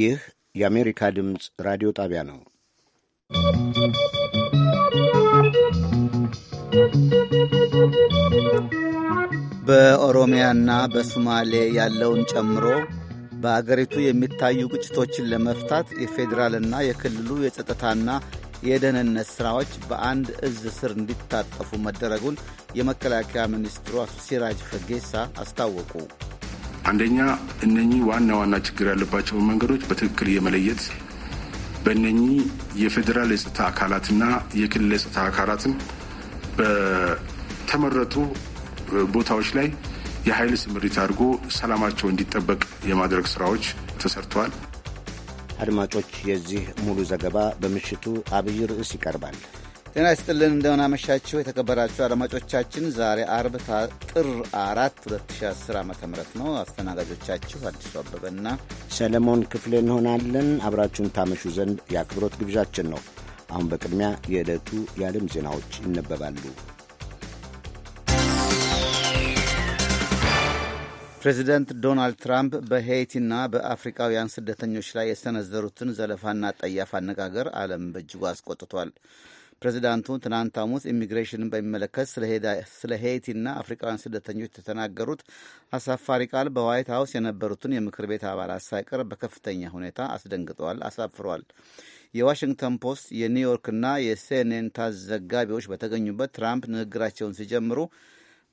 ይህ የአሜሪካ ድምፅ ራዲዮ ጣቢያ ነው። በኦሮሚያና በሱማሌ ያለውን ጨምሮ በአገሪቱ የሚታዩ ግጭቶችን ለመፍታት የፌዴራልና የክልሉ የጸጥታና የደህንነት ሥራዎች በአንድ እዝ ስር እንዲታጠፉ መደረጉን የመከላከያ ሚኒስትሩ አቶ ሲራጅ ፈጌሳ አስታወቁ። አንደኛ እነኚህ ዋና ዋና ችግር ያለባቸውን መንገዶች በትክክል የመለየት በእነኚህ የፌዴራል የጸጥታ አካላትና የክልል የጸጥታ አካላትን በተመረጡ ቦታዎች ላይ የኃይል ስምሪት አድርጎ ሰላማቸው እንዲጠበቅ የማድረግ ስራዎች ተሰርተዋል። አድማጮች፣ የዚህ ሙሉ ዘገባ በምሽቱ አብይ ርዕስ ይቀርባል። ጤና ይስጥልን አመሻችሁ የተከበራችሁ አድማጮቻችን፣ ዛሬ አርብ ጥር አራት 2010 ዓ ም ነው። አስተናጋጆቻችሁ አዲሱ አበበና ሰለሞን ክፍሌ እንሆናለን። አብራችሁን ታመሹ ዘንድ የአክብሮት ግብዣችን ነው። አሁን በቅድሚያ የዕለቱ የዓለም ዜናዎች ይነበባሉ። ፕሬዚደንት ዶናልድ ትራምፕ በሄይቲና በአፍሪካውያን ስደተኞች ላይ የሰነዘሩትን ዘለፋና ጠያፍ አነጋገር ዓለም በእጅጉ አስቆጥቷል። ፕሬዚዳንቱ ትናንት ሐሙስ ኢሚግሬሽንን በሚመለከት ስለ ሄይቲና አፍሪካውያን ስደተኞች የተናገሩት አሳፋሪ ቃል በዋይት ሀውስ የነበሩትን የምክር ቤት አባላት ሳይቀር በከፍተኛ ሁኔታ አስደንግጠዋል፣ አሳፍሯል። የዋሽንግተን ፖስት የኒውዮርክና የሴኔን ታዝ ዘጋቢዎች በተገኙበት ትራምፕ ንግግራቸውን ሲጀምሩ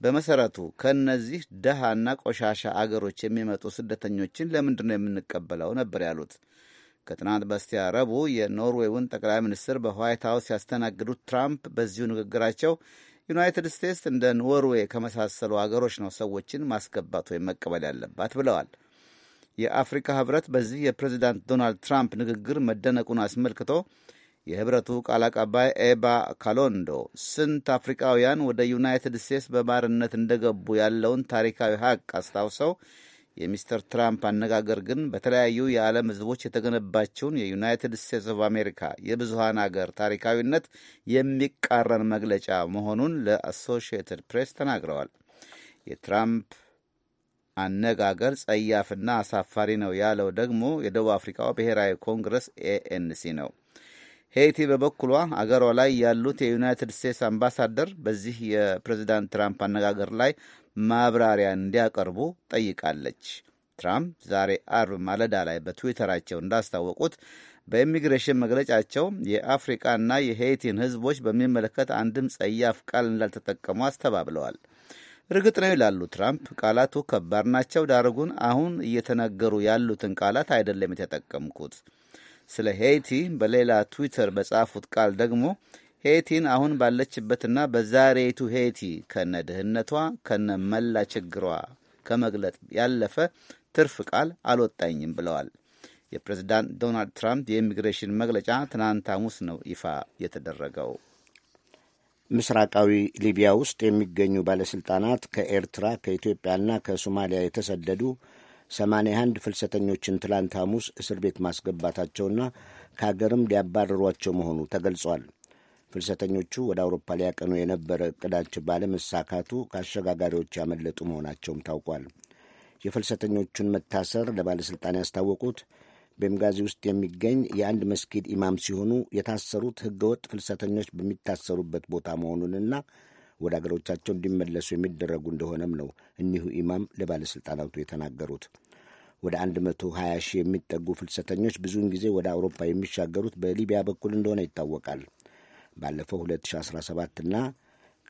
በመሰረቱ ከእነዚህ ደሃና ቆሻሻ አገሮች የሚመጡ ስደተኞችን ለምንድን ነው የምንቀበለው ነበር ያሉት። ከትናንት በስቲያ ረቡዕ የኖርዌውን ጠቅላይ ሚኒስትር በዋይት ሀውስ ያስተናግዱት ትራምፕ በዚሁ ንግግራቸው ዩናይትድ ስቴትስ እንደ ኖርዌይ ከመሳሰሉ አገሮች ነው ሰዎችን ማስገባት ወይም መቀበል ያለባት ብለዋል። የአፍሪካ ህብረት በዚህ የፕሬዚዳንት ዶናልድ ትራምፕ ንግግር መደነቁን አስመልክቶ የህብረቱ ቃል አቀባይ ኤባ ካሎንዶ ስንት አፍሪካውያን ወደ ዩናይትድ ስቴትስ በባርነት እንደገቡ ያለውን ታሪካዊ ሀቅ አስታውሰው የሚስተር ትራምፕ አነጋገር ግን በተለያዩ የዓለም ህዝቦች የተገነባቸውን የዩናይትድ ስቴትስ ኦፍ አሜሪካ የብዙሃን አገር ታሪካዊነት የሚቃረን መግለጫ መሆኑን ለአሶሺየትድ ፕሬስ ተናግረዋል። የትራምፕ አነጋገር ጸያፍና አሳፋሪ ነው ያለው ደግሞ የደቡብ አፍሪካው ብሔራዊ ኮንግረስ ኤኤንሲ ነው። ሄይቲ በበኩሏ አገሯ ላይ ያሉት የዩናይትድ ስቴትስ አምባሳደር በዚህ የፕሬዚዳንት ትራምፕ አነጋገር ላይ ማብራሪያ እንዲያቀርቡ ጠይቃለች። ትራምፕ ዛሬ አርብ ማለዳ ላይ በትዊተራቸው እንዳስታወቁት በኢሚግሬሽን መግለጫቸው የአፍሪቃና የሄይቲን ሕዝቦች በሚመለከት አንድም ጸያፍ ቃል እንዳልተጠቀሙ አስተባብለዋል። እርግጥ ነው ይላሉ ትራምፕ፣ ቃላቱ ከባድ ናቸው። ዳሩ ግን አሁን እየተነገሩ ያሉትን ቃላት አይደለም የተጠቀምኩት። ስለ ሄይቲ በሌላ ትዊተር በጻፉት ቃል ደግሞ ሄይቲን አሁን ባለችበትና በዛሬቱ ሄይቲ ከነ ድህነቷ ከነ መላ ችግሯ ከመግለጥ ያለፈ ትርፍ ቃል አልወጣኝም ብለዋል። የፕሬዝዳንት ዶናልድ ትራምፕ የኢሚግሬሽን መግለጫ ትናንት ሐሙስ ነው ይፋ የተደረገው። ምስራቃዊ ሊቢያ ውስጥ የሚገኙ ባለሥልጣናት ከኤርትራ ከኢትዮጵያና ከሶማሊያ የተሰደዱ 81 ፍልሰተኞችን ትላንት ሐሙስ እስር ቤት ማስገባታቸውና ከአገርም ሊያባረሯቸው መሆኑ ተገልጿል። ፍልሰተኞቹ ወደ አውሮፓ ሊያቀኑ የነበረ እቅዳቸው ባለመሳካቱ ከአሸጋጋሪዎች ያመለጡ መሆናቸውም ታውቋል። የፍልሰተኞቹን መታሰር ለባለሥልጣን ያስታወቁት ቤምጋዚ ውስጥ የሚገኝ የአንድ መስጊድ ኢማም ሲሆኑ የታሰሩት ሕገወጥ ፍልሰተኞች በሚታሰሩበት ቦታ መሆኑንና ወደ አገሮቻቸው እንዲመለሱ የሚደረጉ እንደሆነም ነው እኒሁ ኢማም ለባለሥልጣናቱ የተናገሩት። ወደ 120 ሺህ የሚጠጉ ፍልሰተኞች ብዙውን ጊዜ ወደ አውሮፓ የሚሻገሩት በሊቢያ በኩል እንደሆነ ይታወቃል። ባለፈው 2017 እና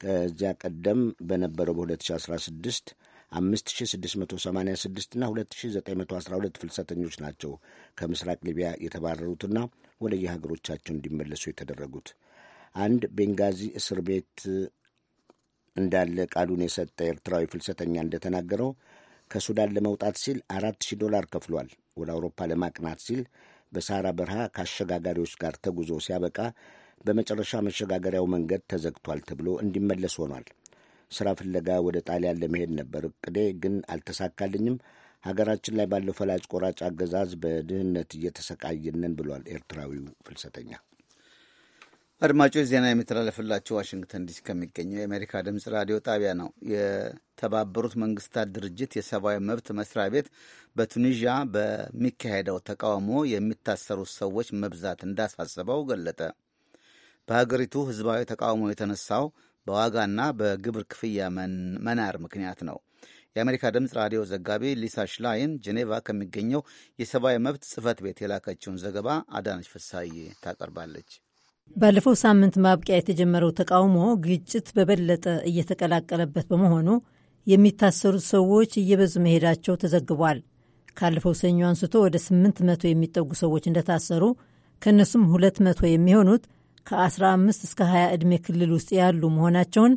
ከዚያ ቀደም በነበረው በ2016 5686 እና 2912 ፍልሰተኞች ናቸው ከምስራቅ ሊቢያ የተባረሩትና ወደ የሀገሮቻቸው እንዲመለሱ የተደረጉት። አንድ ቤንጋዚ እስር ቤት እንዳለ ቃሉን የሰጠ ኤርትራዊ ፍልሰተኛ እንደተናገረው ከሱዳን ለመውጣት ሲል ሺህ ዶላር ከፍሏል። ወደ አውሮፓ ለማቅናት ሲል በሳራ በረሃ ከአሸጋጋሪዎች ጋር ተጉዞ ሲያበቃ በመጨረሻ መሸጋገሪያው መንገድ ተዘግቷል ተብሎ እንዲመለስ ሆኗል። ስራ ፍለጋ ወደ ጣሊያን ለመሄድ ነበር እቅዴ፣ ግን አልተሳካልኝም። ሀገራችን ላይ ባለው ፈላጭ ቆራጭ አገዛዝ በድህነት እየተሰቃየንን ብሏል ኤርትራዊው ፍልሰተኛ። አድማጮች ዜና የሚተላለፍላቸው ዋሽንግተን ዲሲ ከሚገኘው የአሜሪካ ድምፅ ራዲዮ ጣቢያ ነው። የተባበሩት መንግስታት ድርጅት የሰብአዊ መብት መስሪያ ቤት በቱኒዥያ በሚካሄደው ተቃውሞ የሚታሰሩት ሰዎች መብዛት እንዳሳሰበው ገለጠ። በሀገሪቱ ህዝባዊ ተቃውሞ የተነሳው በዋጋና በግብር ክፍያ መናር ምክንያት ነው። የአሜሪካ ድምፅ ራዲዮ ዘጋቢ ሊሳ ሽላይን ጄኔቫ ከሚገኘው የሰብአዊ መብት ጽህፈት ቤት የላከችውን ዘገባ አዳነች ፍሳዬ ታቀርባለች። ባለፈው ሳምንት ማብቂያ የተጀመረው ተቃውሞ ግጭት በበለጠ እየተቀላቀለበት በመሆኑ የሚታሰሩት ሰዎች እየበዙ መሄዳቸው ተዘግቧል። ካለፈው ሰኞ አንስቶ ወደ 800 መቶ የሚጠጉ ሰዎች እንደታሰሩ ከእነሱም ሁለት መቶ የሚሆኑት ከ15 እስከ 20 ዕድሜ ክልል ውስጥ ያሉ መሆናቸውን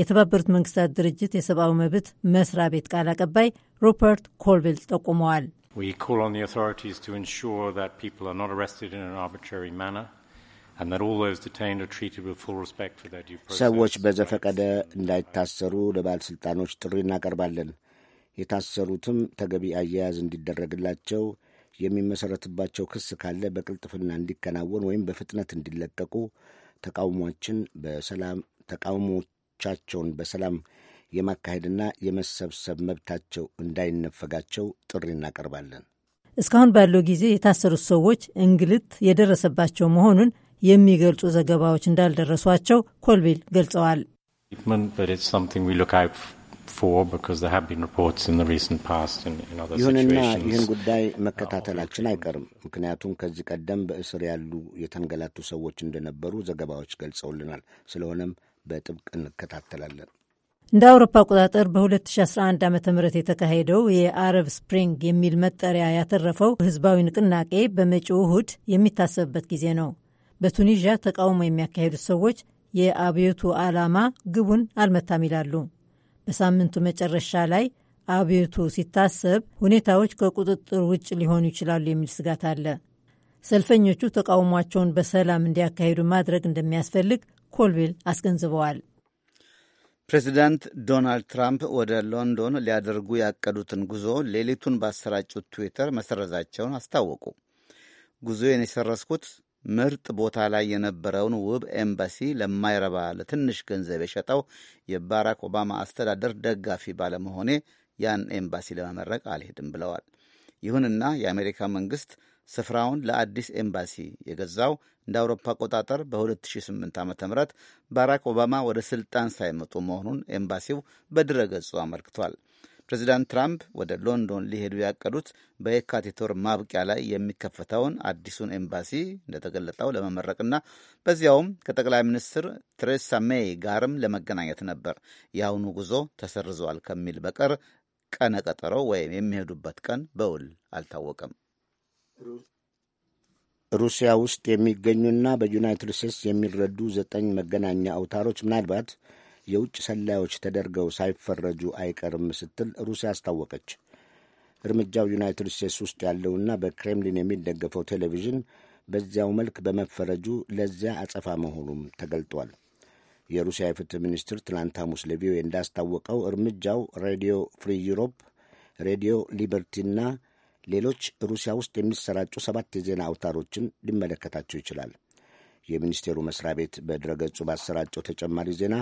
የተባበሩት መንግስታት ድርጅት የሰብአዊ መብት መስሪያ ቤት ቃል አቀባይ ሮፐርት ኮልቪል ጠቁመዋል። ሰዎች በዘፈቀደ እንዳይታሰሩ ለባለሥልጣኖች ጥሪ እናቀርባለን። የታሰሩትም ተገቢ አያያዝ እንዲደረግላቸው የሚመሰረትባቸው ክስ ካለ በቅልጥፍና እንዲከናወን ወይም በፍጥነት እንዲለቀቁ ተቃውሞችን በሰላም ተቃውሞቻቸውን በሰላም የማካሄድና የመሰብሰብ መብታቸው እንዳይነፈጋቸው ጥሪ እናቀርባለን። እስካሁን ባለው ጊዜ የታሰሩት ሰዎች እንግልት የደረሰባቸው መሆኑን የሚገልጹ ዘገባዎች እንዳልደረሷቸው ኮልቤል ገልጸዋል። ይሁንና ይህን ጉዳይ መከታተላችን አይቀርም። ምክንያቱም ከዚህ ቀደም በእስር ያሉ የተንገላቱ ሰዎች እንደነበሩ ዘገባዎች ገልጸውልናል። ስለሆነም በጥብቅ እንከታተላለን። እንደ አውሮፓ አቆጣጠር በ2011 ዓ ም የተካሄደው የአረብ ስፕሪንግ የሚል መጠሪያ ያተረፈው ህዝባዊ ንቅናቄ በመጪው እሁድ የሚታሰብበት ጊዜ ነው። በቱኒዥያ ተቃውሞ የሚያካሄዱት ሰዎች የአብዮቱ ዓላማ ግቡን አልመታም ይላሉ። በሳምንቱ መጨረሻ ላይ አብዮቱ ሲታሰብ ሁኔታዎች ከቁጥጥር ውጭ ሊሆኑ ይችላሉ የሚል ስጋት አለ። ሰልፈኞቹ ተቃውሟቸውን በሰላም እንዲያካሂዱ ማድረግ እንደሚያስፈልግ ኮልቤል አስገንዝበዋል። ፕሬዚዳንት ዶናልድ ትራምፕ ወደ ሎንዶን ሊያደርጉ ያቀዱትን ጉዞ ሌሊቱን ባሰራጩት ትዊተር መሰረዛቸውን አስታወቁ። ጉዞዬን የሰረዝኩት ምርጥ ቦታ ላይ የነበረውን ውብ ኤምባሲ ለማይረባ ለትንሽ ገንዘብ የሸጠው የባራክ ኦባማ አስተዳደር ደጋፊ ባለመሆኔ ያን ኤምባሲ ለመመረቅ አልሄድም ብለዋል። ይሁንና የአሜሪካ መንግስት ስፍራውን ለአዲስ ኤምባሲ የገዛው እንደ አውሮፓ አቆጣጠር በ2008 ዓ ም ባራክ ኦባማ ወደ ስልጣን ሳይመጡ መሆኑን ኤምባሲው በድረ ገጹ አመልክቷል። ፕሬዚዳንት ትራምፕ ወደ ሎንዶን ሊሄዱ ያቀዱት በየካቲት ወር ማብቂያ ላይ የሚከፈተውን አዲሱን ኤምባሲ እንደተገለጠው ለመመረቅና በዚያውም ከጠቅላይ ሚኒስትር ቴሬሳ ሜይ ጋርም ለመገናኘት ነበር። የአሁኑ ጉዞ ተሰርዘዋል ከሚል በቀር ቀነ ቀጠሮ ወይም የሚሄዱበት ቀን በውል አልታወቀም። ሩሲያ ውስጥ የሚገኙና በዩናይትድ ስቴትስ የሚረዱ ዘጠኝ መገናኛ አውታሮች ምናልባት የውጭ ሰላዮች ተደርገው ሳይፈረጁ አይቀርም ስትል ሩሲያ አስታወቀች። እርምጃው ዩናይትድ ስቴትስ ውስጥ ያለውና በክሬምሊን የሚደገፈው ቴሌቪዥን በዚያው መልክ በመፈረጁ ለዚያ አጸፋ መሆኑም ተገልጧል። የሩሲያ የፍትህ ሚኒስትር ትናንት ሐሙስ ለቪኦኤ እንዳስታወቀው እርምጃው ሬዲዮ ፍሪ ዩሮፕ፣ ሬዲዮ ሊበርቲና ሌሎች ሩሲያ ውስጥ የሚሰራጩ ሰባት የዜና አውታሮችን ሊመለከታቸው ይችላል። የሚኒስቴሩ መስሪያ ቤት በድረገጹ ባሰራጨው ተጨማሪ ዜና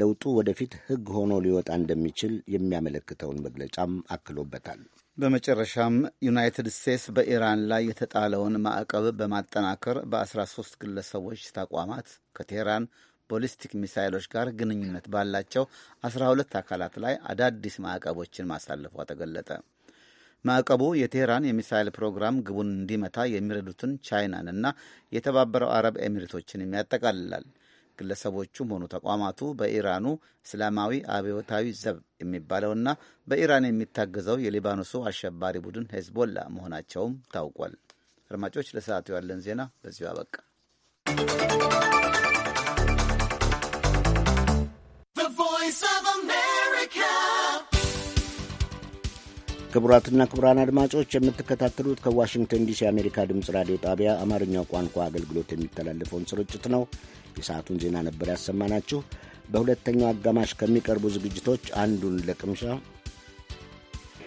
ለውጡ ወደፊት ሕግ ሆኖ ሊወጣ እንደሚችል የሚያመለክተውን መግለጫም አክሎበታል። በመጨረሻም ዩናይትድ ስቴትስ በኢራን ላይ የተጣለውን ማዕቀብ በማጠናከር በ13 ግለሰቦች ተቋማት ከቴህራን ቦሊስቲክ ሚሳይሎች ጋር ግንኙነት ባላቸው 12 አካላት ላይ አዳዲስ ማዕቀቦችን ማሳለፏ ተገለጠ። ማዕቀቡ የቴህራን የሚሳይል ፕሮግራም ግቡን እንዲመታ የሚረዱትን ቻይናንና የተባበረው አረብ ኤሚሬቶችን ያጠቃልላል። ግለሰቦቹም ሆኑ ተቋማቱ በኢራኑ እስላማዊ አብዮታዊ ዘብ የሚባለውና በኢራን የሚታገዘው የሊባኖሱ አሸባሪ ቡድን ሄዝቦላ መሆናቸውም ታውቋል። አድማጮች፣ ለሰዓቱ ያለን ዜና በዚሁ አበቃ። ክቡራትና ክቡራን አድማጮች የምትከታተሉት ከዋሽንግተን ዲሲ የአሜሪካ ድምፅ ራዲዮ ጣቢያ አማርኛው ቋንቋ አገልግሎት የሚተላለፈውን ስርጭት ነው። የሰዓቱን ዜና ነበር ያሰማናችሁ። በሁለተኛው አጋማሽ ከሚቀርቡ ዝግጅቶች አንዱን ለቅምሻ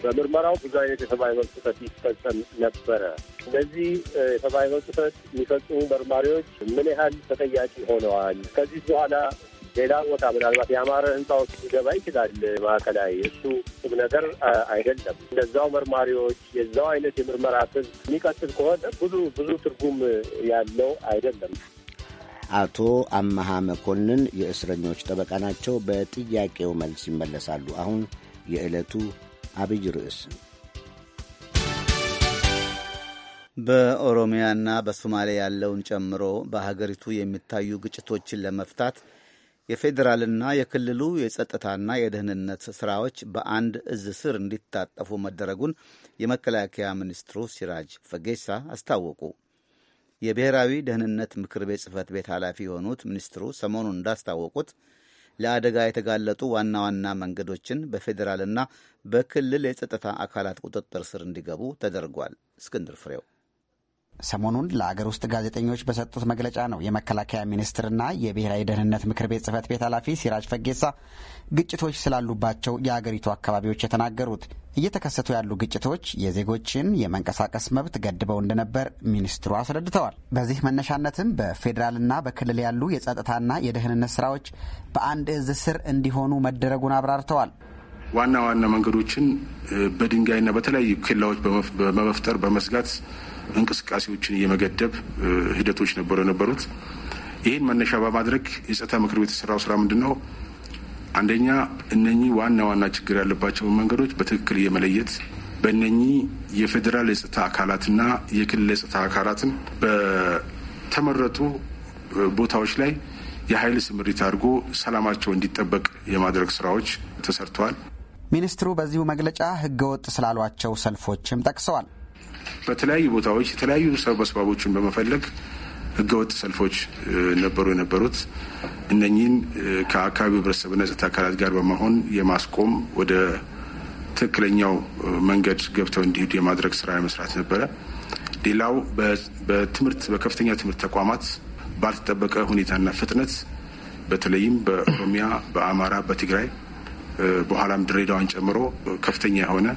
በምርመራው ብዙ አይነት የሰብአዊ መብት ጥሰት ይፈጸም ነበረ። እነዚህ የሰብአዊ መብት ጥሰት የሚፈጽሙ መርማሪዎች ምን ያህል ተጠያቂ ሆነዋል? ከዚህ በኋላ ሌላ ቦታ ምናልባት የአማረ ህንፃዎች ሊገባ ይችላል። ማዕከላዊ እሱ ቁም ነገር አይደለም። እንደዛው መርማሪዎች የዛው አይነት የምርመራ ስብ የሚቀጥል ከሆነ ብዙ ብዙ ትርጉም ያለው አይደለም። አቶ አመሃ መኮንን የእስረኞች ጠበቃ ናቸው። በጥያቄው መልስ ይመለሳሉ። አሁን የዕለቱ አብይ ርዕስ በኦሮሚያና በሶማሌ ያለውን ጨምሮ በሀገሪቱ የሚታዩ ግጭቶችን ለመፍታት የፌዴራልና የክልሉ የጸጥታና የደህንነት ስራዎች በአንድ እዝ ስር እንዲታጠፉ መደረጉን የመከላከያ ሚኒስትሩ ሲራጅ ፈጌሳ አስታወቁ። የብሔራዊ ደህንነት ምክር ቤት ጽህፈት ቤት ኃላፊ የሆኑት ሚኒስትሩ ሰሞኑን እንዳስታወቁት ለአደጋ የተጋለጡ ዋና ዋና መንገዶችን በፌዴራልና በክልል የጸጥታ አካላት ቁጥጥር ስር እንዲገቡ ተደርጓል። እስክንድር ፍሬው ሰሞኑን ለአገር ውስጥ ጋዜጠኞች በሰጡት መግለጫ ነው የመከላከያ ሚኒስትርና የብሔራዊ ደህንነት ምክር ቤት ጽህፈት ቤት ኃላፊ ሲራጅ ፈጌሳ ግጭቶች ስላሉባቸው የአገሪቱ አካባቢዎች የተናገሩት። እየተከሰቱ ያሉ ግጭቶች የዜጎችን የመንቀሳቀስ መብት ገድበው እንደነበር ሚኒስትሩ አስረድተዋል። በዚህ መነሻነትም በፌዴራልና በክልል ያሉ የጸጥታና የደህንነት ስራዎች በአንድ እዝ ስር እንዲሆኑ መደረጉን አብራርተዋል። ዋና ዋና መንገዶችን በድንጋይና በተለያዩ ኬላዎች በመፍጠር በመስጋት እንቅስቃሴዎችን የመገደብ ሂደቶች ነበሩ የነበሩት። ይህን መነሻ በማድረግ የጸጥታ ምክር ቤት የሰራው ስራ ምንድን ነው? አንደኛ እነኚህ ዋና ዋና ችግር ያለባቸውን መንገዶች በትክክል የመለየት በእነኚህ የፌዴራል የጸጥታ አካላትና የክልል የጸጥታ አካላትን በተመረጡ ቦታዎች ላይ የኃይል ስምሪት አድርጎ ሰላማቸው እንዲጠበቅ የማድረግ ስራዎች ተሰርተዋል። ሚኒስትሩ በዚሁ መግለጫ ህገወጥ ስላሏቸው ሰልፎችም ጠቅሰዋል። በተለያዩ ቦታዎች የተለያዩ አስባቦችን በመፈለግ ህገወጥ ሰልፎች ነበሩ የነበሩት እነኚህን ከአካባቢው ህብረተሰብና ጸጥታ አካላት ጋር በመሆን የማስቆም ወደ ትክክለኛው መንገድ ገብተው እንዲሄዱ የማድረግ ስራ መስራት ነበረ። ሌላው በትምህርት በከፍተኛ ትምህርት ተቋማት ባልተጠበቀ ሁኔታና ፍጥነት በተለይም በኦሮሚያ፣ በአማራ፣ በትግራይ በኋላም ድሬዳዋን ጨምሮ ከፍተኛ የሆነ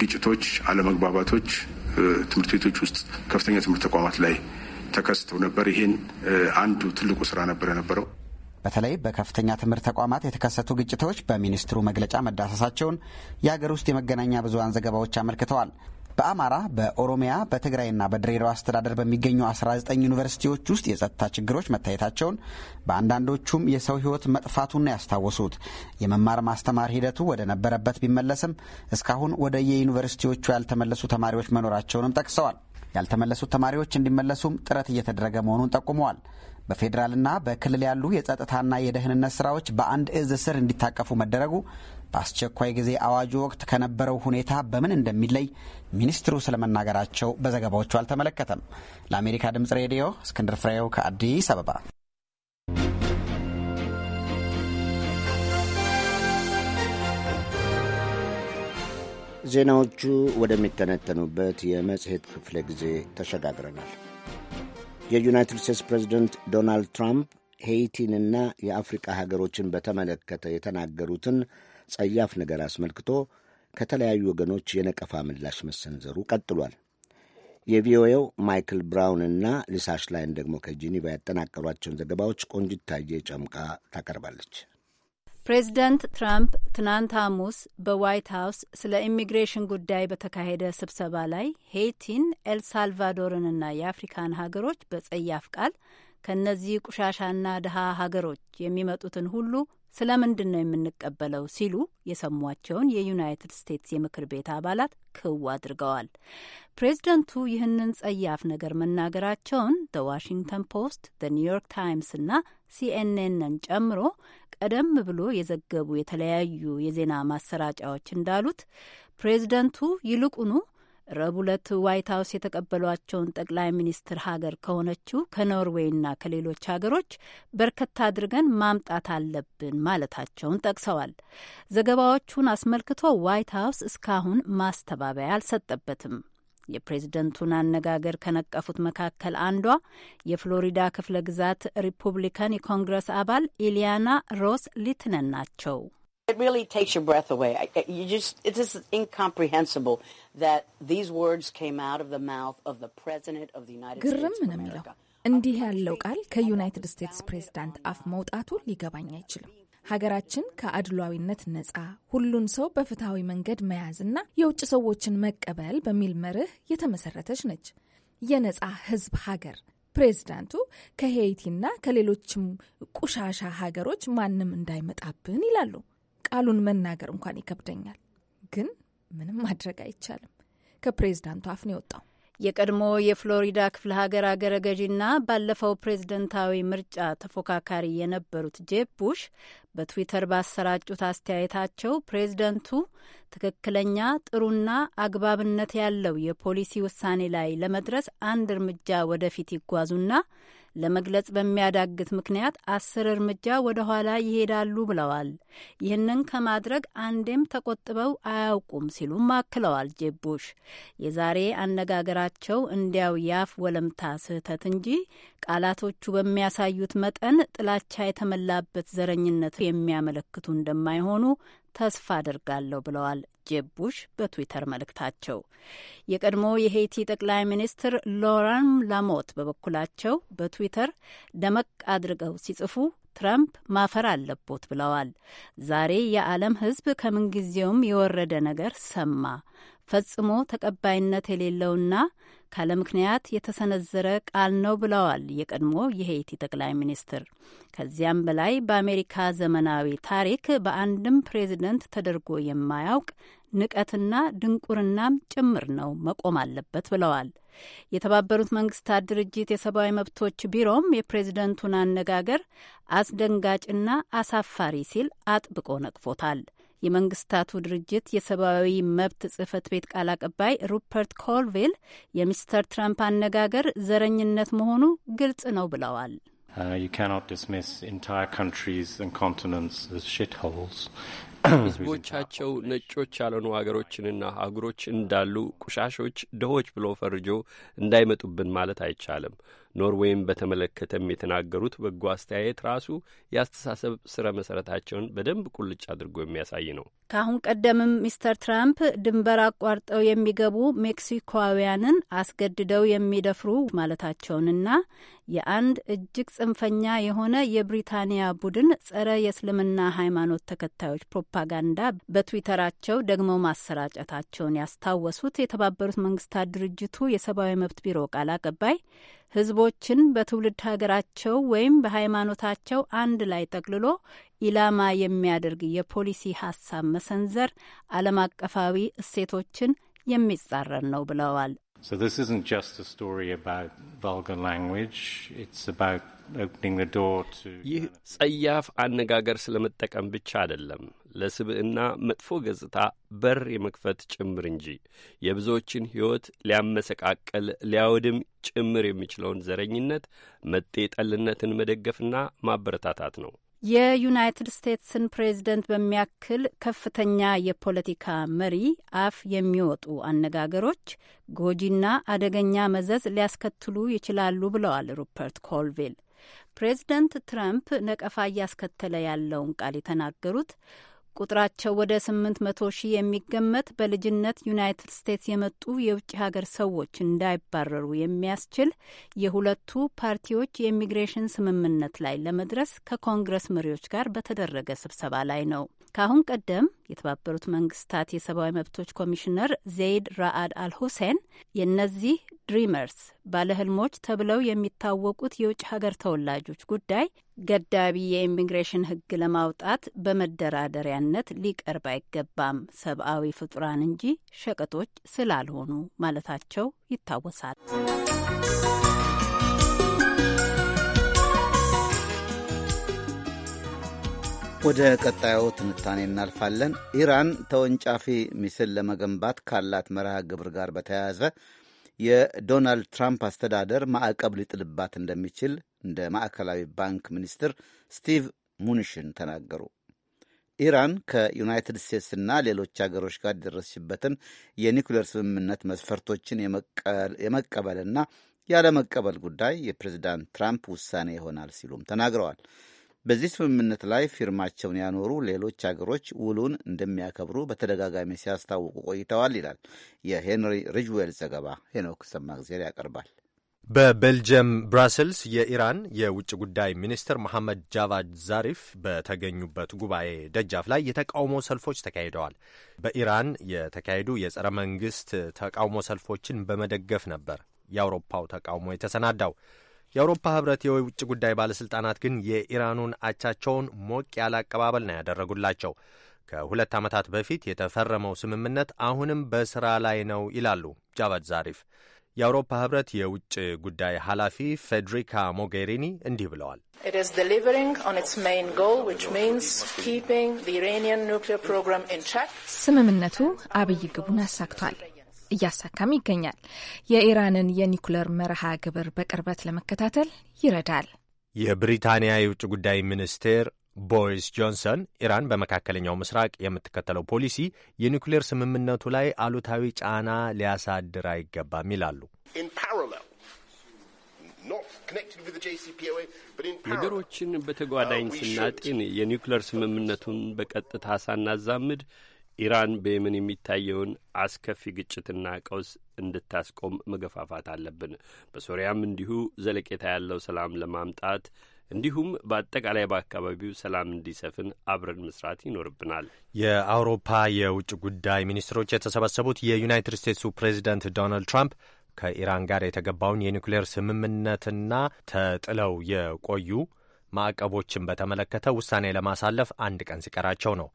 ግጭቶች፣ አለመግባባቶች ትምህርት ቤቶች ውስጥ ከፍተኛ ትምህርት ተቋማት ላይ ተከስተው ነበር። ይሄን አንዱ ትልቁ ስራ ነበር የነበረው። በተለይ በከፍተኛ ትምህርት ተቋማት የተከሰቱ ግጭቶች በሚኒስትሩ መግለጫ መዳሰሳቸውን የሀገር ውስጥ የመገናኛ ብዙሃን ዘገባዎች አመልክተዋል። በአማራ በኦሮሚያ በትግራይና በድሬዳዋ አስተዳደር በሚገኙ 19 ዩኒቨርሲቲዎች ውስጥ የጸጥታ ችግሮች መታየታቸውን በአንዳንዶቹም የሰው ህይወት መጥፋቱን ያስታወሱት የመማር ማስተማር ሂደቱ ወደ ነበረበት ቢመለስም እስካሁን ወደ የዩኒቨርሲቲዎቹ ያልተመለሱ ተማሪዎች መኖራቸውንም ጠቅሰዋል። ያልተመለሱት ተማሪዎች እንዲመለሱም ጥረት እየተደረገ መሆኑን ጠቁመዋል። በፌዴራልና በክልል ያሉ የጸጥታና የደህንነት ስራዎች በአንድ እዝ ስር እንዲታቀፉ መደረጉ በአስቸኳይ ጊዜ አዋጁ ወቅት ከነበረው ሁኔታ በምን እንደሚለይ ሚኒስትሩ ስለመናገራቸው በዘገባዎቹ አልተመለከተም። ለአሜሪካ ድምጽ ሬዲዮ እስክንድር ፍሬው ከአዲስ አበባ። ዜናዎቹ ወደሚተነተኑበት የመጽሔት ክፍለ ጊዜ ተሸጋግረናል። የዩናይትድ ስቴትስ ፕሬዝደንት ዶናልድ ትራምፕ ሄይቲንና የአፍሪቃ ሀገሮችን በተመለከተ የተናገሩትን ጸያፍ ነገር አስመልክቶ ከተለያዩ ወገኖች የነቀፋ ምላሽ መሰንዘሩ ቀጥሏል። የቪኦኤው ማይክል እና ሊሳሽ ላይን ደግሞ ከጂኒቫ ያጠናቀሯቸውን ዘገባዎች ቆንጅታየ ጨምቃ ታቀርባለች። ፕሬዚደንት ትራምፕ ትናንት ሐሙስ በዋይት ሀውስ ስለ ኢሚግሬሽን ጉዳይ በተካሄደ ስብሰባ ላይ ሄይቲን፣ ኤልሳልቫዶርንና የአፍሪካን ሀገሮች በጸያፍ ቃል ከእነዚህ ቆሻሻና ድሃ ሀገሮች የሚመጡትን ሁሉ ስለምንድን ነው የምንቀበለው ሲሉ የሰሟቸውን የዩናይትድ ስቴትስ የምክር ቤት አባላት ክው አድርገዋል። ፕሬዝደንቱ ይህንን ጸያፍ ነገር መናገራቸውን ደ ዋሽንግተን ፖስት፣ ደ ኒውዮርክ እና ሲኤንኤንን ጨምሮ ቀደም ብሎ የዘገቡ የተለያዩ የዜና ማሰራጫዎች እንዳሉት ፕሬዝደንቱ ይልቁኑ ረቡዕ ዕለት ዋይት ሀውስ የተቀበሏቸውን ጠቅላይ ሚኒስትር ሀገር ከሆነችው ከኖርዌይና ከሌሎች ሀገሮች በርከት አድርገን ማምጣት አለብን ማለታቸውን ጠቅሰዋል። ዘገባዎቹን አስመልክቶ ዋይት ሀውስ እስካሁን ማስተባበያ አልሰጠበትም። የፕሬዝደንቱን አነጋገር ከነቀፉት መካከል አንዷ የፍሎሪዳ ክፍለ ግዛት ሪፑብሊካን የኮንግረስ አባል ኢሊያና ሮስ ሊትነን ናቸው። It really takes your breath away. You just, its just incomprehensible that these words came out of the mouth of the President of the United States of America. እንዲህ ያለው ቃል ከዩናይትድ ስቴትስ ፕሬዝዳንት አፍ መውጣቱ ሊገባኝ አይችልም። ሀገራችን ከአድሏዊነት ነጻ ሁሉን ሰው በፍትሐዊ መንገድ መያዝና የውጭ ሰዎችን መቀበል በሚል መርህ የተመሰረተች ነች። የነጻ ህዝብ ሀገር ፕሬዝዳንቱ ከሄይቲና ከሌሎችም ቁሻሻ ሀገሮች ማንም እንዳይመጣብን ይላሉ። ቃሉን መናገር እንኳን ይከብደኛል። ግን ምንም ማድረግ አይቻልም። ከፕሬዝዳንቱ አፍ ነው የወጣው። የቀድሞ የፍሎሪዳ ክፍለ ሀገር አገረ ገዢና ባለፈው ፕሬዝደንታዊ ምርጫ ተፎካካሪ የነበሩት ጄብ ቡሽ በትዊተር ባሰራጩት አስተያየታቸው ፕሬዝደንቱ ትክክለኛ ጥሩና አግባብነት ያለው የፖሊሲ ውሳኔ ላይ ለመድረስ አንድ እርምጃ ወደፊት ይጓዙና ለመግለጽ በሚያዳግት ምክንያት አስር እርምጃ ወደ ኋላ ይሄዳሉ ብለዋል። ይህንን ከማድረግ አንዴም ተቆጥበው አያውቁም ሲሉም አክለዋል። ጄብ ቡሽ የዛሬ አነጋገራቸው እንዲያው ያፍ ወለምታ ስህተት እንጂ ቃላቶቹ በሚያሳዩት መጠን ጥላቻ የተመላበት ዘረኝነት የሚያመለክቱ እንደማይሆኑ ተስፋ አድርጋለሁ ብለዋል። ጄብ ቡሽ በትዊተር መልእክታቸው። የቀድሞ የሄይቲ ጠቅላይ ሚኒስትር ሎራን ላሞት በበኩላቸው በትዊተር ደመቅ አድርገው ሲጽፉ ትራምፕ ማፈር አለቦት ብለዋል። ዛሬ የዓለም ሕዝብ ከምንጊዜውም የወረደ ነገር ሰማ። ፈጽሞ ተቀባይነት የሌለውና ካለ ምክንያት የተሰነዘረ ቃል ነው ብለዋል የቀድሞ የሄይቲ ጠቅላይ ሚኒስትር። ከዚያም በላይ በአሜሪካ ዘመናዊ ታሪክ በአንድም ፕሬዚደንት ተደርጎ የማያውቅ ንቀትና ድንቁርናም ጭምር ነው መቆም አለበት ብለዋል። የተባበሩት መንግስታት ድርጅት የሰብአዊ መብቶች ቢሮም የፕሬዝደንቱን አነጋገር አስደንጋጭና አሳፋሪ ሲል አጥብቆ ነቅፎታል። የመንግስታቱ ድርጅት የሰብአዊ መብት ጽህፈት ቤት ቃል አቀባይ ሩፐርት ኮልቪል የሚስተር ትራምፕ አነጋገር ዘረኝነት መሆኑ ግልጽ ነው ብለዋል። ህዝቦቻቸው uh, ነጮች ያልሆኑ ሀገሮችንና አህጉሮች እንዳሉ ቆሻሾች፣ ድሆች ብሎ ፈርጆ እንዳይመጡብን ማለት አይቻልም። ኖርዌይም በተመለከተም የተናገሩት በጎ አስተያየት ራሱ የአስተሳሰብ ስረ መሰረታቸውን በደንብ ቁልጭ አድርጎ የሚያሳይ ነው። ከአሁን ቀደምም ሚስተር ትራምፕ ድንበር አቋርጠው የሚገቡ ሜክሲኮውያንን አስገድደው የሚደፍሩ ማለታቸውንና የአንድ እጅግ ጽንፈኛ የሆነ የብሪታንያ ቡድን ጸረ የእስልምና ሃይማኖት ተከታዮች ፕሮፓጋንዳ በትዊተራቸው ደግሞ ማሰራጨታቸውን ያስታወሱት የተባበሩት መንግስታት ድርጅቱ የሰብአዊ መብት ቢሮ ቃል አቀባይ ህዝቦችን በትውልድ ሀገራቸው ወይም በሃይማኖታቸው አንድ ላይ ጠቅልሎ ኢላማ የሚያደርግ የፖሊሲ ሀሳብ መሰንዘር ዓለም አቀፋዊ እሴቶችን የሚጻረን ነው ብለዋል። So this isn't just a story about vulgar language, it's about ይህ ጸያፍ አነጋገር ስለመጠቀም ብቻ አይደለም፣ ለስብዕና መጥፎ ገጽታ በር የመክፈት ጭምር እንጂ የብዙዎችን ሕይወት ሊያመሰቃቀል ሊያወድም ጭምር የሚችለውን ዘረኝነት መጤጠልነትን መደገፍና ማበረታታት ነው። የዩናይትድ ስቴትስን ፕሬዝደንት በሚያክል ከፍተኛ የፖለቲካ መሪ አፍ የሚወጡ አነጋገሮች ጎጂና አደገኛ መዘዝ ሊያስከትሉ ይችላሉ ብለዋል ሩፐርት ኮልቪል። ፕሬዝደንት ትራምፕ ነቀፋ እያስከተለ ያለውን ቃል የተናገሩት ቁጥራቸው ወደ ስምንት መቶ ሺህ የሚገመት በልጅነት ዩናይትድ ስቴትስ የመጡ የውጭ ሀገር ሰዎች እንዳይባረሩ የሚያስችል የሁለቱ ፓርቲዎች የኢሚግሬሽን ስምምነት ላይ ለመድረስ ከኮንግረስ መሪዎች ጋር በተደረገ ስብሰባ ላይ ነው። ከአሁን ቀደም የተባበሩት መንግስታት የሰብአዊ መብቶች ኮሚሽነር ዘይድ ራአድ አልሁሴን የእነዚህ ድሪመርስ ባለህልሞች ተብለው የሚታወቁት የውጭ ሀገር ተወላጆች ጉዳይ ገዳቢ የኢሚግሬሽን ህግ ለማውጣት በመደራደሪያነት ሊቀርብ አይገባም፣ ሰብአዊ ፍጡራን እንጂ ሸቀጦች ስላልሆኑ ማለታቸው ይታወሳል። ወደ ቀጣዩ ትንታኔ እናልፋለን። ኢራን ተወንጫፊ ሚስል ለመገንባት ካላት መርሃ ግብር ጋር በተያያዘ የዶናልድ ትራምፕ አስተዳደር ማዕቀብ ሊጥልባት እንደሚችል እንደ ማዕከላዊ ባንክ ሚኒስትር ስቲቭ ሙኒሽን ተናገሩ። ኢራን ከዩናይትድ ስቴትስና ሌሎች አገሮች ጋር የደረሰችበትን የኒኩሌር ስምምነት መስፈርቶችን የመቀበልና ያለመቀበል ጉዳይ የፕሬዚዳንት ትራምፕ ውሳኔ ይሆናል ሲሉም ተናግረዋል። በዚህ ስምምነት ላይ ፊርማቸውን ያኖሩ ሌሎች አገሮች ውሉን እንደሚያከብሩ በተደጋጋሚ ሲያስታውቁ ቆይተዋል ይላል የሄንሪ ሪጅዌል ዘገባ። ሄኖክ ሰማግዜር ያቀርባል። በቤልጅየም ብራስልስ የኢራን የውጭ ጉዳይ ሚኒስትር መሐመድ ጃቫድ ዛሪፍ በተገኙበት ጉባኤ ደጃፍ ላይ የተቃውሞ ሰልፎች ተካሂደዋል። በኢራን የተካሄዱ የጸረ መንግስት ተቃውሞ ሰልፎችን በመደገፍ ነበር የአውሮፓው ተቃውሞ የተሰናዳው። የአውሮፓ ህብረት የውጭ ጉዳይ ባለሥልጣናት ግን የኢራኑን አቻቸውን ሞቅ ያለ አቀባበል ነው ያደረጉላቸው። ከሁለት ዓመታት በፊት የተፈረመው ስምምነት አሁንም በሥራ ላይ ነው ይላሉ ጃቫድ ዛሪፍ። የአውሮፓ ህብረት የውጭ ጉዳይ ኃላፊ ፌዴሪካ ሞጌሪኒ እንዲህ ብለዋል። ስምምነቱ አብይ ግቡን አሳክቷል። እያሳካም ይገኛል። የኢራንን የኒኩለር መርሃ ግብር በቅርበት ለመከታተል ይረዳል። የብሪታንያ የውጭ ጉዳይ ሚኒስቴር ቦሪስ ጆንሰን ኢራን በመካከለኛው ምስራቅ የምትከተለው ፖሊሲ የኒኩሌር ስምምነቱ ላይ አሉታዊ ጫና ሊያሳድር አይገባም ይላሉ። ነገሮችን በተጓዳኝ uh, ስናጤን የኒኩሌር ስምምነቱን በቀጥታ ሳናዛምድ ኢራን በየመን የሚታየውን አስከፊ ግጭትና ቀውስ እንድታስቆም መገፋፋት አለብን። በሶሪያም እንዲሁ ዘለቄታ ያለው ሰላም ለማምጣት እንዲሁም በአጠቃላይ በአካባቢው ሰላም እንዲሰፍን አብረን መስራት ይኖርብናል። የአውሮፓ የውጭ ጉዳይ ሚኒስትሮች የተሰበሰቡት የዩናይትድ ስቴትሱ ፕሬዚደንት ዶናልድ ትራምፕ ከኢራን ጋር የተገባውን የኒውክሌር ስምምነትና ተጥለው የቆዩ ማዕቀቦችን በተመለከተ ውሳኔ ለማሳለፍ አንድ ቀን ሲቀራቸው ነው።